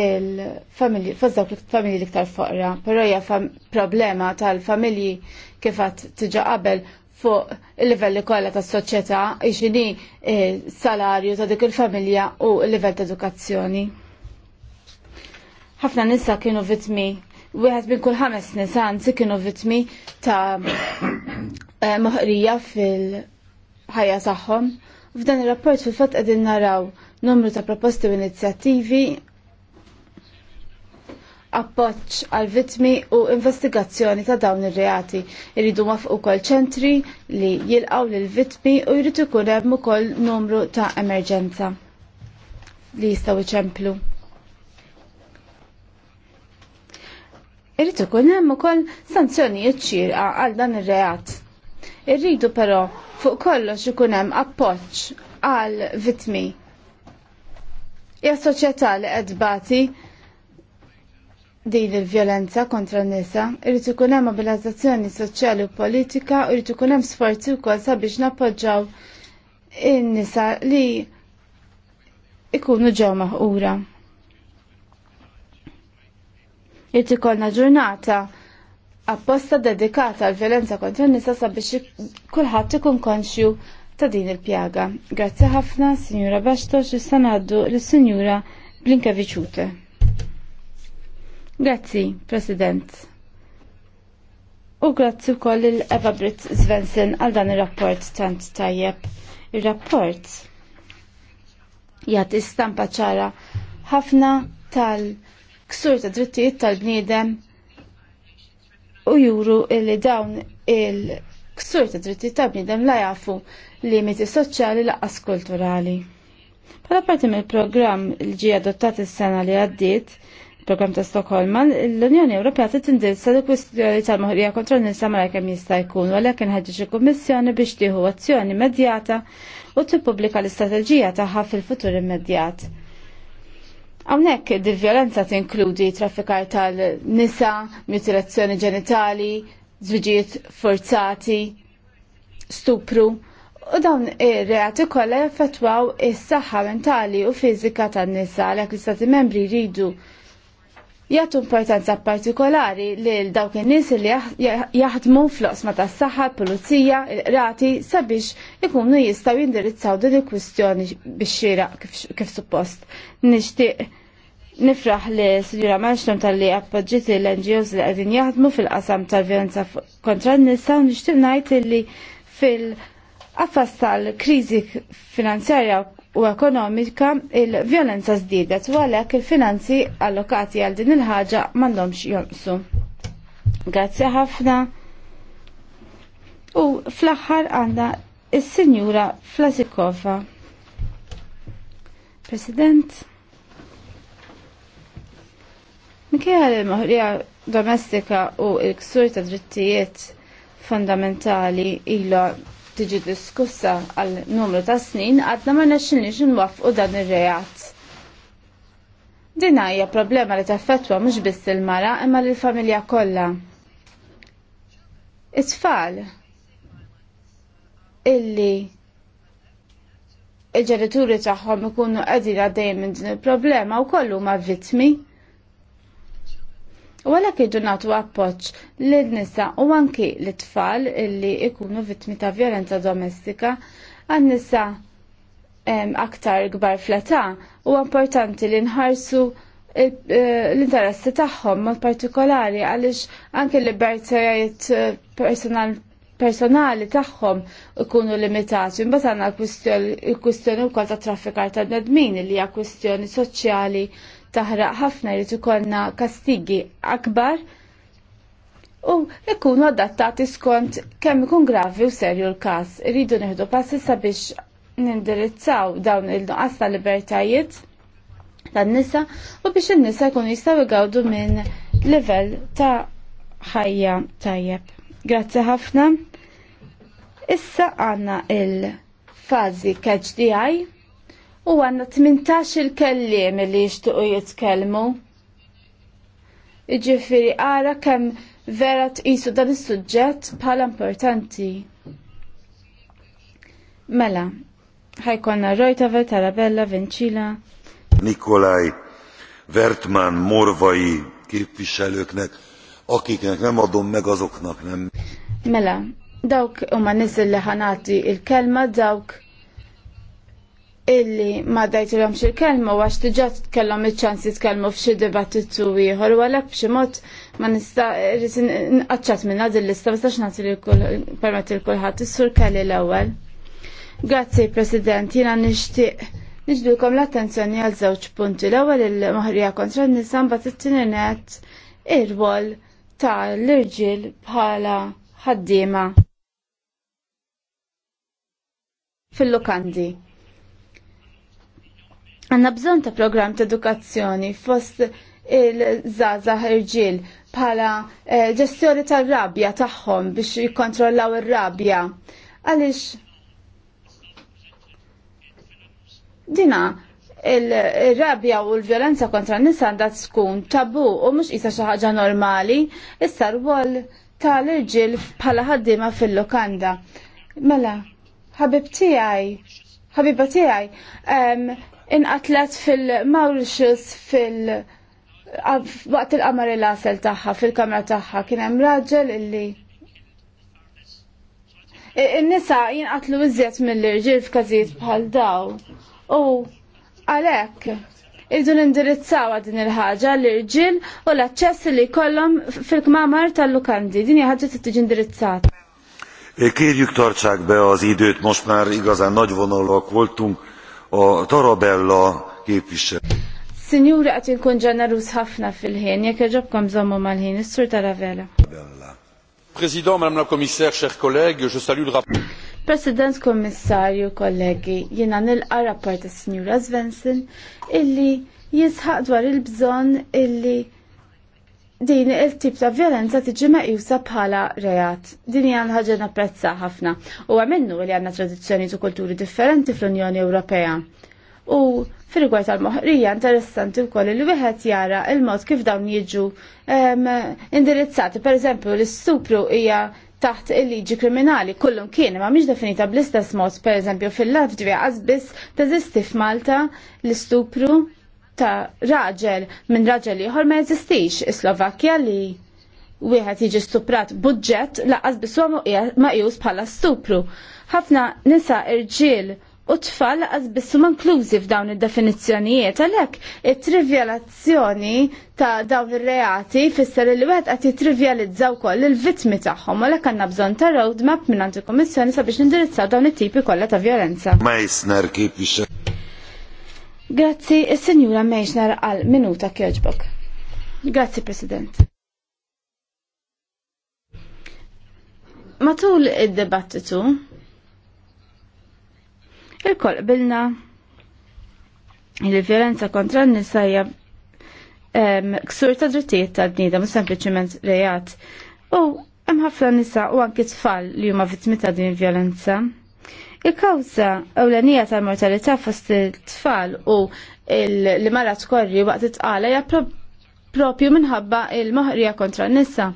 il-familji, f'dawk il-familji li ktar foqra. Però hija problema tal-familji kif tiġa qabel fuq il-livelli kollha tas-soċjetà, ixini salarju ta' dik il-familja u il-livell ta' edukazzjoni ħafna nisa kienu vitmi, wieħed minn kull ħames nisa anzi kienu vitmi ta' eh, moħrija fil-ħajja tagħhom. F'dan ir-rapport fil-fatt qegħdin naraw numru ta' proposti u inizjattivi appoġġ għal vittmi u investigazzjoni ta' dawn ir-reati. Iridu maf ukoll ċentri li jilqaw lil vittmi u jrid ikun hemm ukoll numru ta' emerġenza li jistgħu iċemplu. Irrid ikun hemm ukoll sanzjonijiet ċirqa għal dan ir-reat. Irridu però fuq kollox ikun hemm appoġġ għal vitmi. Hija soċjetà li qed bati din il-vjolenza kontra n-nisa, irrid ikun hemm mobilizzazzjoni soċjali u politika, irrid ikun hemm sforzi wkoll sabiex nappoġġaw in-nisa li ikunu ġew maħqura. Irid ikollna ġurnata apposta dedikata għal violenza kontra n-nisa sabiex kulħadd ikun konxju ta' din il-pjaga. Grazzi ħafna, Sinjura Baxtox, issa ngħaddu lis-Sinjura Blinkeviċute. Grazzi, President. U grazzi u koll il-Eva Britt Svensson għal dan il-rapport tant tajjeb. Il-rapport jgħat istampa ċara ħafna tal- ksur ta' drittijiet tal-bniedem u juru li dawn il-ksur ta' drittijiet tal-bniedem la jafu limiti soċjali laqqas kulturali. Pala parti mill programm li ġie adottat is-sena li għaddiet, il-programm ta' Stokholma, l-Unjoni Ewropea trid tindirizza l kwistjoni tal-moħrija kontra n-nisa ma' kemm jista' jkun, għalhekk inħeġġeġ il-Kummissjoni biex tieħu azzjoni immedjata u tippubblika l istrategija tagħha fil-futur immedjat. Għawnek il violenza tinkludi traffikar tal-nisa, mutilazzjoni ġenitali, zviġiet forzati, stupru, u dawn ir-reati kollha jaffettwaw is-saħħa mentali u fiżika tan-nisa għalhekk l-istati membri jridu jagħtu importanza partikolari lil dawk il nies li jaħdmu fl-oqsma tas-saħħa, pulizija, rati sabiex ikunu jistgħu jindirizzaw din il-kwistjoni biex xira kif suppost. Nixtieq nifraħ li s-sidjura Malmström tal-li appoġġiet l-NGOs li qegħdin jaħdmu fil-qasam tal vjonza kontra n-nisa u nixtieq ngħid li fil-qafas tal-kriżi finanzjarja u ekonomika il-vjolenza żdiedet u għalhekk il-finanzi allokati għal din il-ħaġa m'għandhomx jonqsu. Grazzi ħafna. U fl-aħħar għanda il sinjura Flasikova. President. Mikjal il-maħrija domestika u il-ksur ta' drittijiet fundamentali ilha tiġi diskussa għal numru ta' snin għadna ma nexxinniex u dan ir-reat. Din hija problema li taffettwa mhux biss il-mara imma lill familja kollha. It-tfal illi il-ġenituri tagħhom ikunu qegħdin dejjem minn din il-problema u kollu ma' vittmi. U għala kħidu nagħtu appoġġ lin-nisa u anki l-tfal illi ikunu vittmi ta' violenza domestika għan-nisa aktar kbar flata u importanti li nħarsu eh, l-interessi tagħhom mod partikolari għaliex anke l-libertajiet eh, personal personali tagħhom ikunu limitati. Imbagħad għandna l-kwistjoni wkoll ta' traffikar ta' nedmin li hija kwistjoni soċjali taħraq ħafna jrid ikollna kastigi akbar u ikunu adattati skont kemm ikun gravi u serju l-każ. Irridu neħdu passi sabiex nindirizzaw dawn il-nuqqas ta' libertajiet tan-nisa u biex in-nisa jkunu jistgħu jgawdu minn level ta' ħajja tajjeb. Grazzi ħafna. Issa għanna il-fazi KHDI u għanna 18 il-kellim li jishtuqu jitkellmu. Iġifiri għara kem vera tqisu dan is-suġġett bħala importanti. Mela, ħajkonna Rojta Rojtave, Tarabella, Vincila. Nikolaj Vertman morvai képviselőknek, akiknek nem adom meg, azoknak nem. Mela, dawk huma niżel li ħanati il-kelma, dawk illi ma dajtu l il kelmu għax tiġa tkellhom iċ-ċans jitkellmu f'xi dibattitu ieħor u għalek b'xi mod ma nista' nqaċċat minna din lista ma nagħti permetti il kulħadd is-sur kelli l-ewwel. Grazzi President, jiena nixtieq niġdulkom l-attenzjoni għal żewġ punti l-ewwel il-moħrija kontra n nisan mbagħad it-tieni net ir ta' l-irġiel bħala ħaddiema fil-lukandi. Għanna bżon ta' program ta' edukazzjoni fost il-żaza ħirġil bħala eh, ġestjoni tal-rabja tagħhom biex jikkontrollaw ir-rabja. Għaliex dina il-rabja u l-violenza kontra n-nisa għandha tkun tabu u mhux qisha xi ħaġa normali, issa rwol tal-irġiel bħala ħaddiema fil-lokanda. Mela, ħabib tiegħi, ħabiba tiegħi, inqatlet fil-Mauritius fil- waqt il-qamar il-asel tagħha fil-kamra tagħha kien hemm raġel illi in-nisa jinqatlu iżjed mill-irġiel f'każijiet bħal daw. U għalhekk irdu nindirizzaw din il-ħaġa l-irġiel u l-aċċess li jkollhom fil-kmamar tal-lukandi. Din hija ħaġa tiġi indirizzata. Kérjük tartsák be az időt, most már igazán nagyvonalak voltunk a Tarabella képviselő. Sinjura għat nkun ġenerus ħafna fil-ħin, jekk ġobkom zommu mal-ħin, is-sur Taravella. Président, Madame la Commissaire, chers collègues, je salue le rapport. President Commissario, kollegi, jina nilqa rapport ta' Sinjura Svensson illi jisħaq dwar il-bżon illi din il-tip ta' violenza tiġi meqjusa bħala reat. Din hija ħaġa napprezza ħafna u għamennu li għandna tradizzjoni u kulturi differenti fl-Unjoni Ewropea. U fil gwajt tal-moħrija interessanti wkoll li wieħed jara il-mod kif dawn jiġu indirizzati. Per eżempju, l-istupru hija taħt il-liġi kriminali kullum kien ma miex definita bl-istess mod, per eżempju, fil-Latvija għazbis teżisti f'Malta l-istupru ta' raġel minn raġel ieħor ma jeżistix. Is-Slovakkja li wieħed jiġi stuprat budġett laqas biss ma jus bħala stupru. Ħafna nisa irġiel u tfal laqas biss huma inklużi f'dawn id-definizzjonijiet għalhekk it-trivjalazzjoni ta' dawn ir-reati fisser li wieħed qed jitrivjalizza wkoll il-vittmi tagħhom lek għandna bżonn ta' roadmap minn il-Kummissjoni sabiex nindirizzaw dawn it-tipi kollha ta' violenza. Grazzi, il-Senjura Meixner għal minuta kjoġbok. Grazzi, President. Matul id-debattitu, il-kol bilna il-violenza kontra n-nisa hija ksur ta' drittijiet ta' d-nida, mu sempliciment rejat. U hemm ħafna nisa u anki tfal li huma vittmi ta' din il-violenza. Il-kawza ewlenija tal-mortalità fost it-tfal u li mara tkorri waqt it-tqala hija propju minħabba il maħrija kontra n-nisa.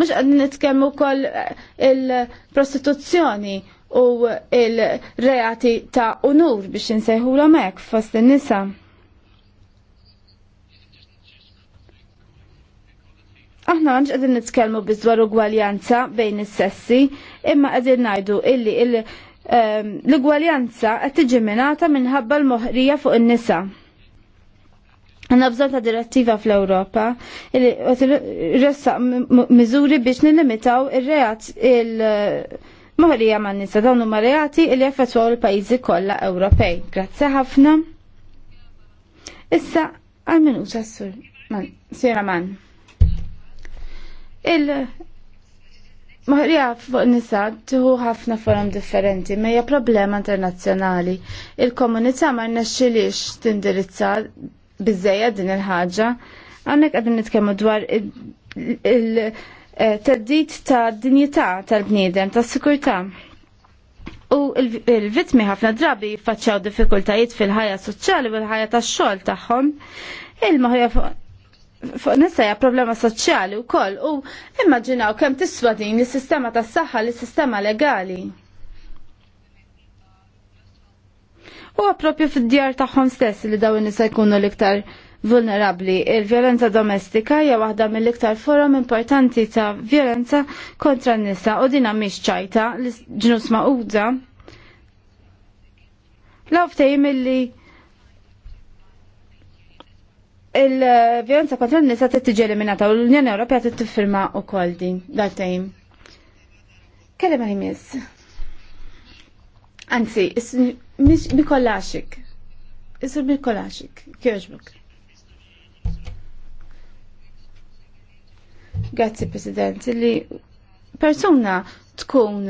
Mux għadni nitkemmu kol eh, il-prostituzzjoni u il-reati ta' unur biex nsejħu l-omek fost il nisa Aħna għanġ għadin nitkelmu bizwar ugwaljanza bejn is-sessi, imma għadin najdu illi il- Ehm, l-ugwaljanza qed tiġi minata minħabba l-moħrija fuq in-nisa. Għanna bżon ta' direttiva fl-Europa ressa miżuri biex nilimitaw il-reat il-moħrija ma' nisa dawn huma reati li jaffettwaw il-pajjiżi kollha Ewropej. Grazzi ħafna. Issa għal minuta s-sur. Sira man. Il Maħrija fuq nisa tuħu ħafna forum differenti, ma hija problema internazzjonali. Il-komunità ma rnexxilix tindirizza biżejja din il-ħaġa. Għandek qegħdin nitkellmu dwar il-teddit eh, ta' dinjità tal-bniedem, tas sikurtà. U il-vitmi ħafna drabi jiffaċċjaw diffikultajiet fil-ħajja soċjali u l-ħajja tax-xogħol tagħhom. il maħja fuq nisajja problema soċjali u koll u immaġinaw kem tiswa din il-sistema tas saħħa l sistema legali. U għapropju fid-djar tagħhom stess li daw nisa jkunu l-iktar vulnerabli. Il-violenza domestika hija waħda mill-iktar forum importanti ta' violenza kontra n-nisa u dina mhix ċajta l ġnus ma' uda. Law mill-li il-vjolenza kontra n-nisa tiġi eliminata u l-Unjoni Ewropea tiffirma u koll din dal-tejm. Kelle ma jimis? Anzi, mikollaxik, Mikolaxik. Isur Mikolaxik, kjoġbuk. Grazzi, President, li persuna tkun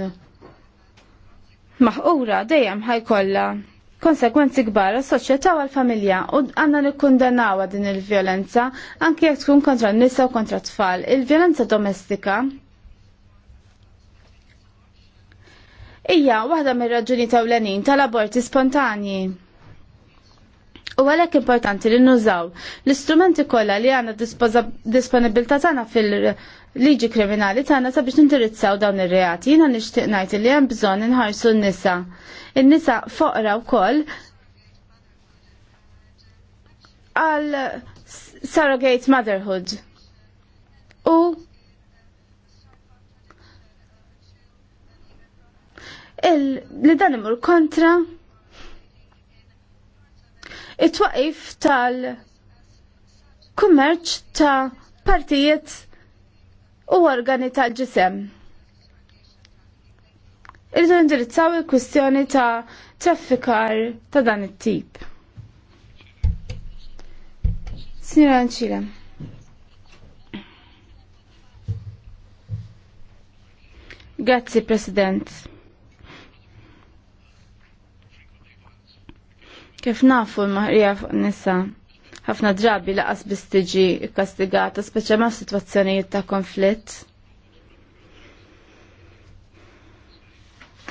maħura dejjem ħajkolla konsekwenzi kbar għas-soċjetà u għall-familja u għandna nikkundenaw din il-vjolenza anke jekk tkun kontra n-nisa u kontra t-tfal. Il-vjolenza domestika hija waħda mir-raġuni tawlenin tal-aborti spontanji. U għalhekk importanti li nużaw l-istrumenti kollha li għandna disponibilta tagħna fil-liġi kriminali tagħna sabiex nindirizzaw dawn ir-reati. Jiena nixtieq ngħid li hemm bżonn inħarsu n-nisa. In-nisa foqra wkoll għal surrogate motherhood. U il, li dan imur kontra it-twaqif tal-kummerċ ta' partijiet u organi tal-ġisem. Irridu indirizzaw il-kwistjoni ta' traffikar ta' dan it-tip. Signora Ancila. Grazie President. Kif nafu l-maħrija fuq nisa ħafna drabi laqas tiġi kastigata, speċjalment f'sitwazzjonijiet ta' konflitt.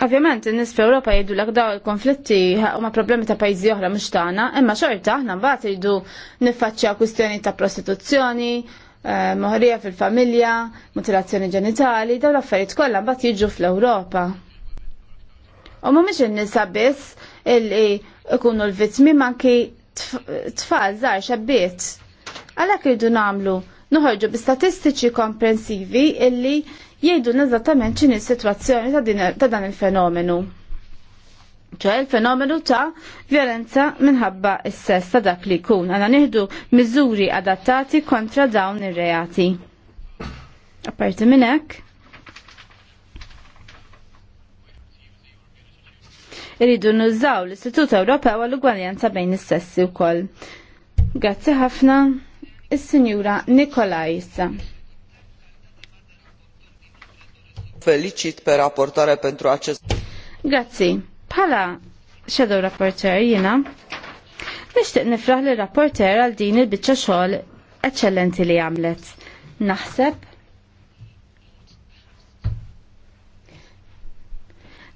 Ovvjament, n-nis fl-Europa jiddu l daw il-konflitti u ma problemi ta' pajzi oħra mux tagħna, imma xorta aħna mbagħad jiddu niffaċċja kwistjoni ta' prostituzzjoni, eh, moħrija fil-familja, mutilazzjoni ġenitali, dawn l-affarijiet kollha mbagħad jiġu fl-Ewropa. U mhumiex in-nisa biss illi ikunu l-vittmi manki tfal żgħar xabbiet. Għalhekk kridu nagħmlu nuħorġu bi statistiċi komprensivi illi jgħidu eżattament x'inhi s-sitwazzjoni ta' dan il-fenomenu. ċe il-fenomenu ta' violenza minħabba s-sess ta' dak li jkun għana nieħdu miżuri adattati kontra dawn ir-reati. Apparti minn hekk, Iridu nużaw l-Istitut Ewropew għall-ugwaljanza bejn is-sessi wkoll. Grazzi ħafna is-Sinjura Nikolajsa. Felicit per rapportare pentru acest. Grazzi. Pala Shadow Rapporter jina. Nishtiq nifraħ li rapporter għal din il-bicċa xogħol eċċellenti li għamlet. Naħseb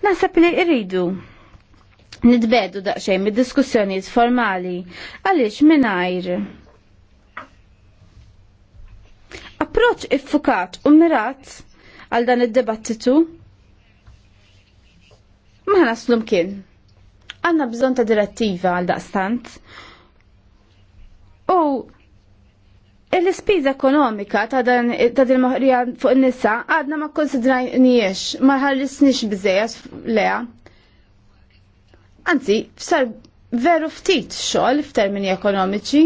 Naħseb li iridu nitbedu daqsxejn mid-diskussjonijiet formali għaliex mingħajr approċ iffukat u mirat għal dan id-debattitu ma naslum kien. Għanna bżon ta' direttiva għal daqstant. U l-ispiża ekonomika ta' dan ta' din moħrija fuq in-nisa għadna ma konsidrajniex, ma ħallisniex biżejja leha. Anzi, f'sar veru ftit xogħol f'termini ekonomiċi.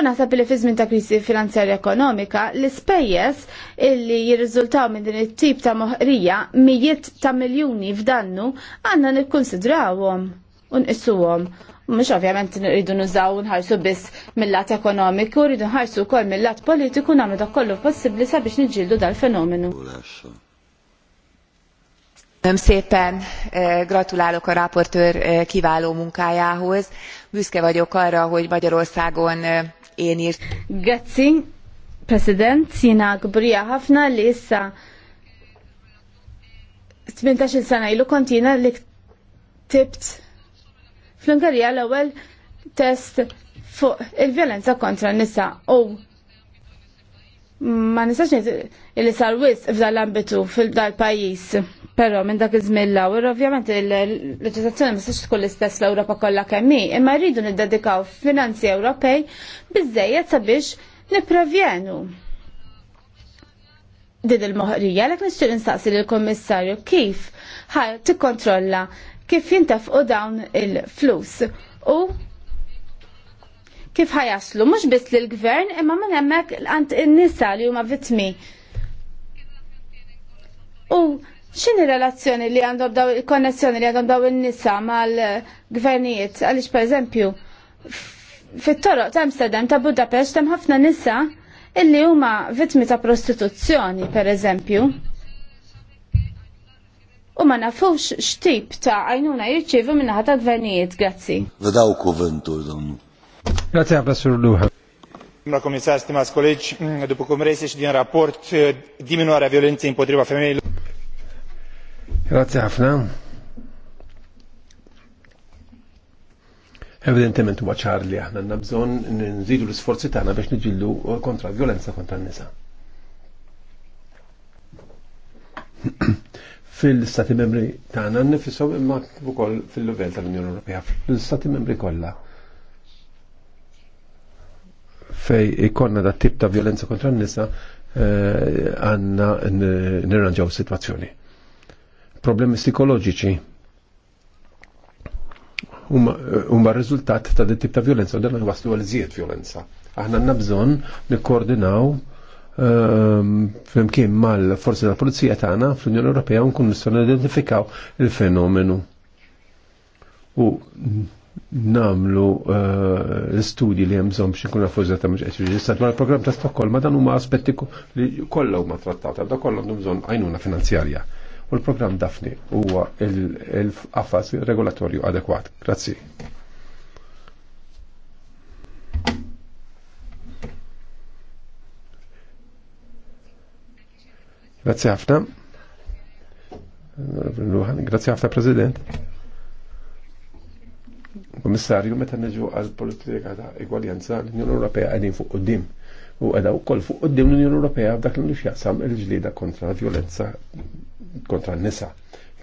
U naħseb li fi żmien ta' krisi finanzjarja ekonomika, l-ispejjeż illi jirriżultaw minn din it-tip ta' moħrija mijiet ta' miljuni f'dannu għandna nikkonsidrawhom u nqisuhom. Mhux ovvjament rridu nużaw nħarsu biss mill-lat ekonomiku, rridu nħarsu wkoll mill-lat politiku nagħmlu dak kollu possibbli sabiex niġġieldu dal-fenomenu. Eh, gratulálok a raportőr eh, kiváló munkájához büszke vagyok arra hogy magyarországon eh, én is. Grazzi, President, jina gbrija hafna li issa 18 sena ilu kontina jina li tibt fl-Ungarija l-ewwel test fuq il-violenza kontra nisa u ma nistax li sar wisq f'dal-ambitu fil-dal pajis. Pero minn dak iż-żmien l ewwel ovvjament il-leġiżlazzjoni ma tistax tkun l-istess l-Ewropa kollha kemm hi, imma rridu niddedikaw finanzi Ewropej biżejjed sabiex nipprevjenu. Din il-moħrija Lek nixtieq instaqsi lill-Kummissarju kif tikkontrolla kif jintefqu dawn il-flus u kif ħajaslu mhux biss lill-gvern imma minn hemmhekk għand in-nisa li huma vittmi il relazzjoni li għandhom daw il-konnessjoni li għandhom daw il nisa mal-gvernijiet għalix per eżempju, fit-toroq ta' Amsterdam ta' Budapest hemm ħafna nisa illi huma vittmi ta' prostituzzjoni per eżempju. U ma nafux x'tip ta' għajnuna jirċivu minna ta' gvernijiet, grazzi. Vedaw kuventu dan. Grazzi għabla sur Luħa. komissar, stimas kolleġ, dupu kumresi cum reiese și din raport, eh, diminuarea violenței împotriva femeilor. Grazie ħafna. Evidentement huwa ċar li aħna għandna bżonn nżidu l-isforzi tagħna biex niġillu uh, kontra violenza kontra n-nisa. Fil-Stati membri tagħna nifisom imma ukoll fil-livell tal-Unjoni Ewropea, fil-Stati membri kollha fej ikonna da tip ta' violenza kontra n-nisa eh, għanna nirranġaw situazzjoni problemi psikoloġiċi huma r-riżultat ta' din tip ta' violenza u dan waslu għal żied violenza. Aħna għandna bżonn nikkoordinaw ehm, flimkien mal-forzi tal-Pulizija tagħna fl-Unjoni Ewropea nkun nistgħu identifikaw il-fenomenu u namlu eh, l-istudji li hemm bżonn biex nkun nafu eżatt mhux qed mal programm ta' Stockholm ma dan huma aspetti li kollha huma trattati, da kollha għandhom bżonn għajnuna finanzjarja u l-programm Dafni huwa l affaz regolatorju adekwat. Grazzi. Grazzi ħafna. Grazzi ħafna, President. Kommissarju, meta neġu għal politika ta' egwaljanza, l-Unjoni Ewropea għedin fuq qoddim. U għedha wkoll fuq qoddim l-Unjoni Ewropea b'dak li xjaqsam il-ġlida kontra la violenza kontra n-nisa.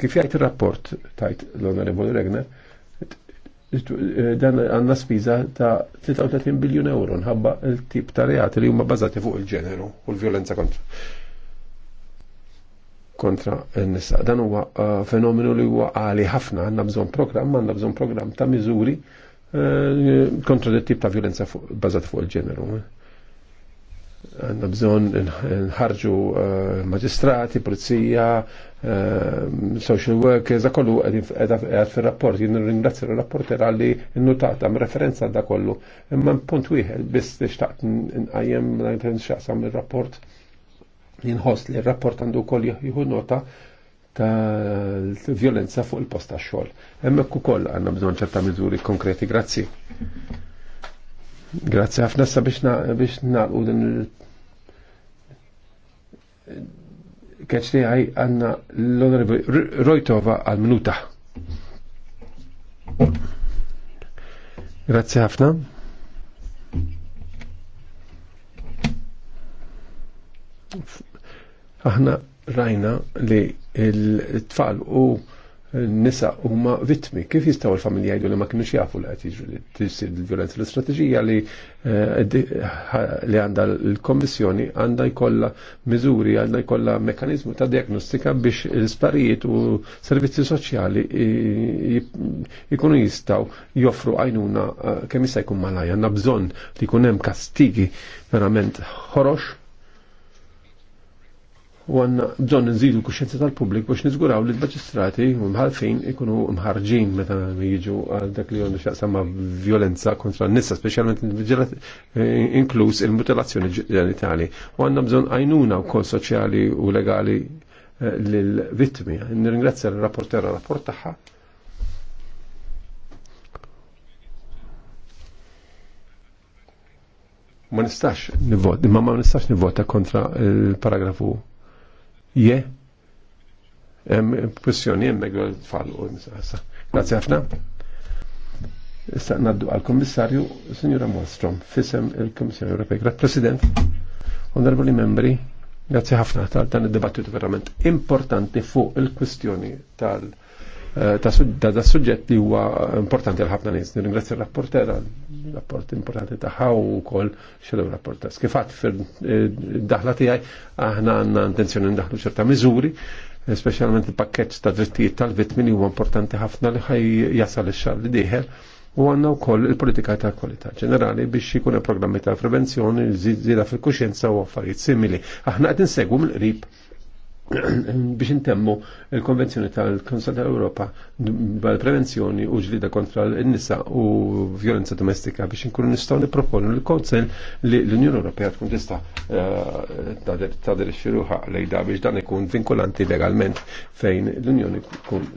Kif jgħid il rapport tajt l-Onorevoli Regner, dan għanna spiża ta' 33 biljun euro nħabba il-tip ta' reati li huma bażati fuq il-ġeneru u l-vjolenza kontra kontra n-nisa. Dan huwa uh, fenomenu li huwa għali ħafna għandna bżonn programm, għandna bżonn programm ta' miżuri uh, kontra il tip ta' violenza bażat fuq il-ġeneru għanna bżon nħarġu eh, maġistrati, polizija, eh, social workers, dakollu kollu għed fil-rapport, jinn ringrazzi l-rapporter għalli n-nutata, referenza da kollu. Imma punt wieħed, biss li xtaqt n-għajem xaqsam il-rapport, jinħoss li il-rapport għandu koll jihu nota ta' violenza fuq il-posta xol. Emmek u koll għanna bżon ċerta mizuri konkreti, grazzi. Grazie ħafna sa biex naqgħu din il-keċ li għaj għanna l-onorevoli Rojtova għal-minuta. Grazie ħafna. Aħna rajna li il-tfal u nisa huma vittmi. Kif jistgħu l-familja jgħidu li ma kinux jafu li qed jiġri tisir il-violenza. L-istrateġija li eh, li għandha l-Kommissjoni għandha jkollha miżuri, għandha jkollha mekkaniżmu ta' diagnostika biex l-isparijiet u servizzi soċjali jkunu jistgħu joffru għajnuna eh, kemm jista' jkun malaj. Għandna bżonn li jkun hemm kastigi verament ħorox u għanna bżon nżidu l-kuxenza tal-publik biex nizguraw li l-maġistrati u mħalfin ikunu mħarġin meta jiġu għal dak li għandu xaqsamma violenza kontra n-nissa, specialment inkluż il-mutilazzjoni ġenitali. U għanna bżon għajnuna u kol soċjali u legali eh, l-vittmi. Nirringrazzja l-rapportera rapport taħħa. Ma nistax nivvota, imma ma nistax nivvota kontra il-paragrafu Je? Kwestjoni jemme għal-fallu. Grazie għafna. Issa naddu għal komissarju Signora Mostrom, fissem il-Kommissarju Europej. Grazie, President. Onorevoli membri, grazie għafna tal dan il dibattitu verament importanti fuq il-kwestjoni tal- Eh, ta' suġġett li huwa importanti l-ħafna nies. Nirringrazzja l-rapporter rapport importanti tagħha u wkoll xedew rapporter. Skifat fir daħla tiegħi aħna għandna intenzjoni ndaħlu ċerta miżuri, speċjalment il pakkett ta' drittijiet tal vitmi li huwa importanti ħafna li ħaj jasal ix-xar li dieħel u għanna u koll il-politika ta' kwalità ġenerali biex jikun programmi ta' prevenzjoni, zida fil-kuxjenza u affarijiet simili. Aħna qed insegwu mill-qrib biex intemmu il-Konvenzjoni tal-Konsol tal-Europa għal-prevenzjoni u ġlida kontra l-nisa u violenza domestika biex inkunu nistgħu nipproponu l-Konsel li l-Unjoni Ewropea tkun tista' eh, tader xiruħa lejda biex dan ikun vinkolanti legalment fejn l-Unjoni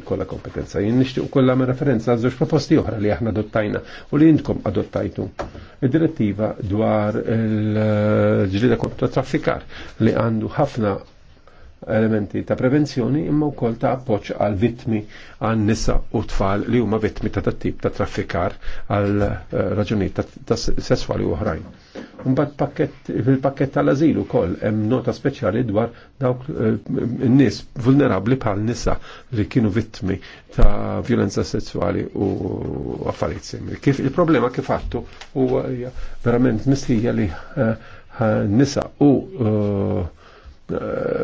kollha kompetenza. Jien nixtieq ukoll nagħmel referenza għal żewġ proposti oħra li aħna adottajna u li intkom adottajtu. Id-direttiva dwar il-ġlida eh, kontra traffikar li għandu ħafna elementi ta' prevenzjoni imma wkoll ta' appoġġ għal vittmi għan nisa u tfal li huma vittmi ta' tattib ta' traffikar għal eh, raġunijiet ta' sesswali oħrajn. Mbagħad fil-pakket tal azil ukoll hemm nota speċjali dwar dawk eh, n-nies vulnerabbli bħal nisa li kienu vittmi ta' violenza sesswali u affarijiet simili. Kif il-problema kif għattu huwa verament mistija li eh, nisa u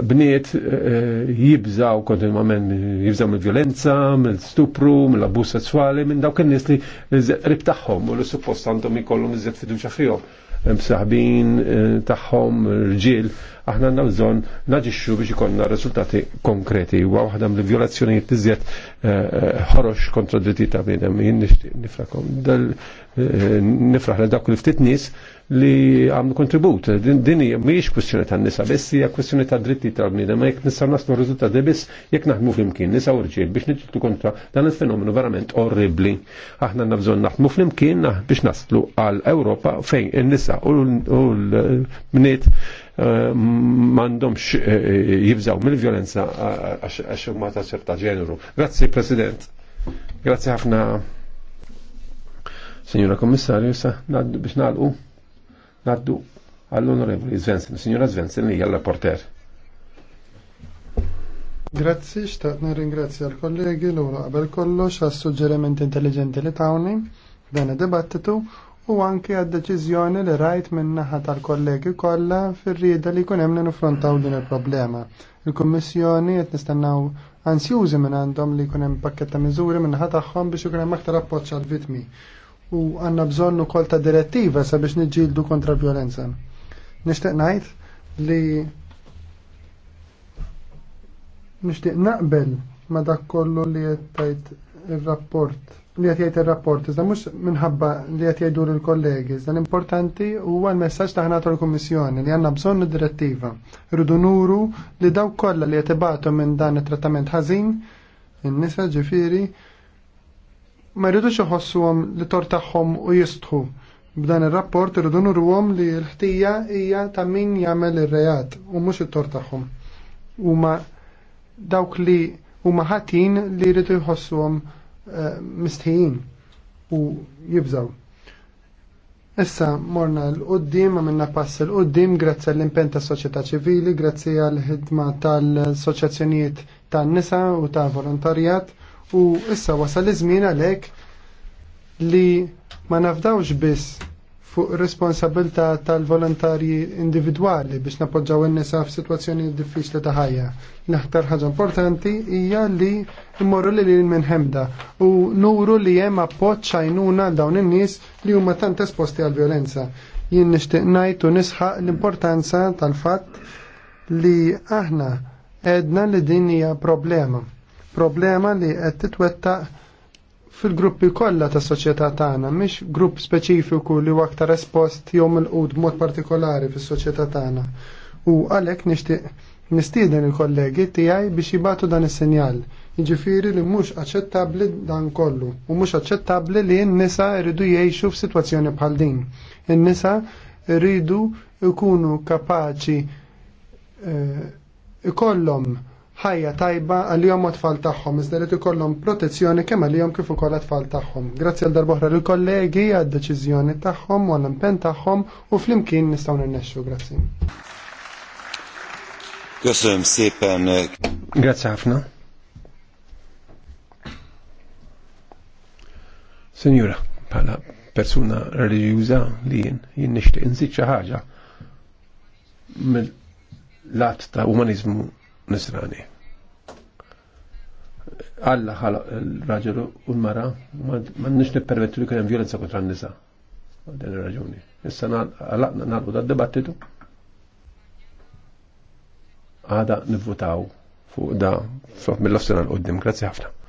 bniet eh, jibżaw kontinuament jibżaw mill-violenza, mill-stupru, mill-abbuż sessuali, minn dawk in-nies li rib tagħhom u li suppost għandhom ikollhom iżjed fiduċa fihom. Msaħbin eh, tagħhom rġiel aħna għandna bżonn naġixxu biex ikollna riżultati konkreti Wa waħda mill-violazzjonijiet iżjed eh, ħorox kontra d-dritti ta' bidem, Jien nifrakom. Nifraħ li dawk li ftit nies li għamlu kontribut. Dini miex kwestjoni ta' nisa, biss hija kwestjoni ta' dritti ta' bnida, ma jek nisa naslu rizultat biss jek naħmu flimkien, nisa urġil biex nġiltu kontra dan il-fenomenu verament orribli. Aħna nabżon naħmu flimkien biex naslu għal Ewropa fejn in-nisa u l-bniet eh, mandomx eh, jibżaw mill-violenza eh, għax ma ta' ċerta ġeneru. Grazzi, President. Grazzi ħafna. Signora Kommissarju, sa' biex nalqu. Naddu għall-Onorevoli Svensen, Signora Svensen li għalla porter. Grazzi, xtaqt nirringrazzja l-kollegi l-għura qabel kollox għas suġġerimenti intelligenti li tawni dan id-dibattitu u anke għad deċiżjoni li rajt minn naħa tal-kollegi kollha fir-rieda li jkun hemm nufrontaw din il-problema. Il-Kummissjoni qed nistennaw ansjużi minn għandhom li jkun hemm pakketta miżuri minn ħat tagħhom biex ikun hemm aktar appoġġ għal vitmi u għanna bżonnu kol ta' direttiva sabiex nġildu kontra violenza. Nishtiq najt li nishtiq naqbel ma dak kollu li jettajt il-rapport li jettajt il-rapport, iżda mux minħabba li dur l-kollegi, iżda l-importanti u għal messaċ taħnatu l-Komissjoni li għanna bżonnu direttiva. Rridu nuru li daw kolla li jettibatu minn dan il-trattament ħazin, il-nisa ġifiri, ma jridux iħossuhom li tor tagħhom u jistħu. B'dan ir-rapport irridu nurwhom li l-ħtija hija ta' min jagħmel ir-reat u mhux it-tor tagħhom. Huma dawk li huma ħatin li jridu jħossuhom eh, mistħijin u jibżaw. Issa morna l-qoddim, għamilna pass l-qoddim, grazzi għall-impen ta' soċjetà ċivili, grazzi għall-ħidma tal-soċjazzjonijiet tan-nisa u ta' volontarjat u issa wasal iż-żmien għalhekk li ma nafdawx biss fuq responsabilità tal-volontarji individwali biex napoġġaw in-nisa f'sitwazzjoni diffiċli ta' ħajja. L-aktar ħaġa importanti hija li mmorru li lil minn ħemda u nuru li hemm appoġġ għajnuna għal dawn in-nies li huma tant esposti għal violenza. Jien nixtieq ngħid u nisħaq l-importanza tal-fatt li aħna edna li din hija problema problema li qed titwettaq fil-gruppi kollha tas-soċjetà tagħna, mhix grupp speċifiku li huwa aktar espost jew qud mod partikolari fis-soċjetà tagħna. U għalhekk nixtieq nistieden il-kollegi tiegħi biex jibatu dan is-sinjal. Jiġifieri li mhux aċċettabbli dan kollu u mhux aċċettabbli li n-nisa jridu jgħixu f'sitwazzjoni bħal din. In-nisa rridu jkunu kapaċi eh, ikollhom e, ħajja tajba għal-jom tfal tagħhom, iżda li ikollhom protezzjoni kemm għal-jom kif ukoll tfal tagħhom. Grazzi għal darbohra lill kollegi għad-deċiżjoni tagħhom u għal-impen tagħhom u flimkien nistgħu nirnexxu. Grazzi. Köszönöm szépen. Grazie ħafna. Senjura, pala persuna religjuza li jien jen nixtieq inżid ħaġa mill-lat ta' umanizmu nisrani għalla ħalaq l raġel u l-mara, ma nix nippermettu li kunem violenza kontra n-nisa. Għadden il raġuni. Issa għalaqna nalqu da dibattitu. Għada nivvutaw fuq da, fuq mill-lofsenar u d-dim. Grazie ħafna.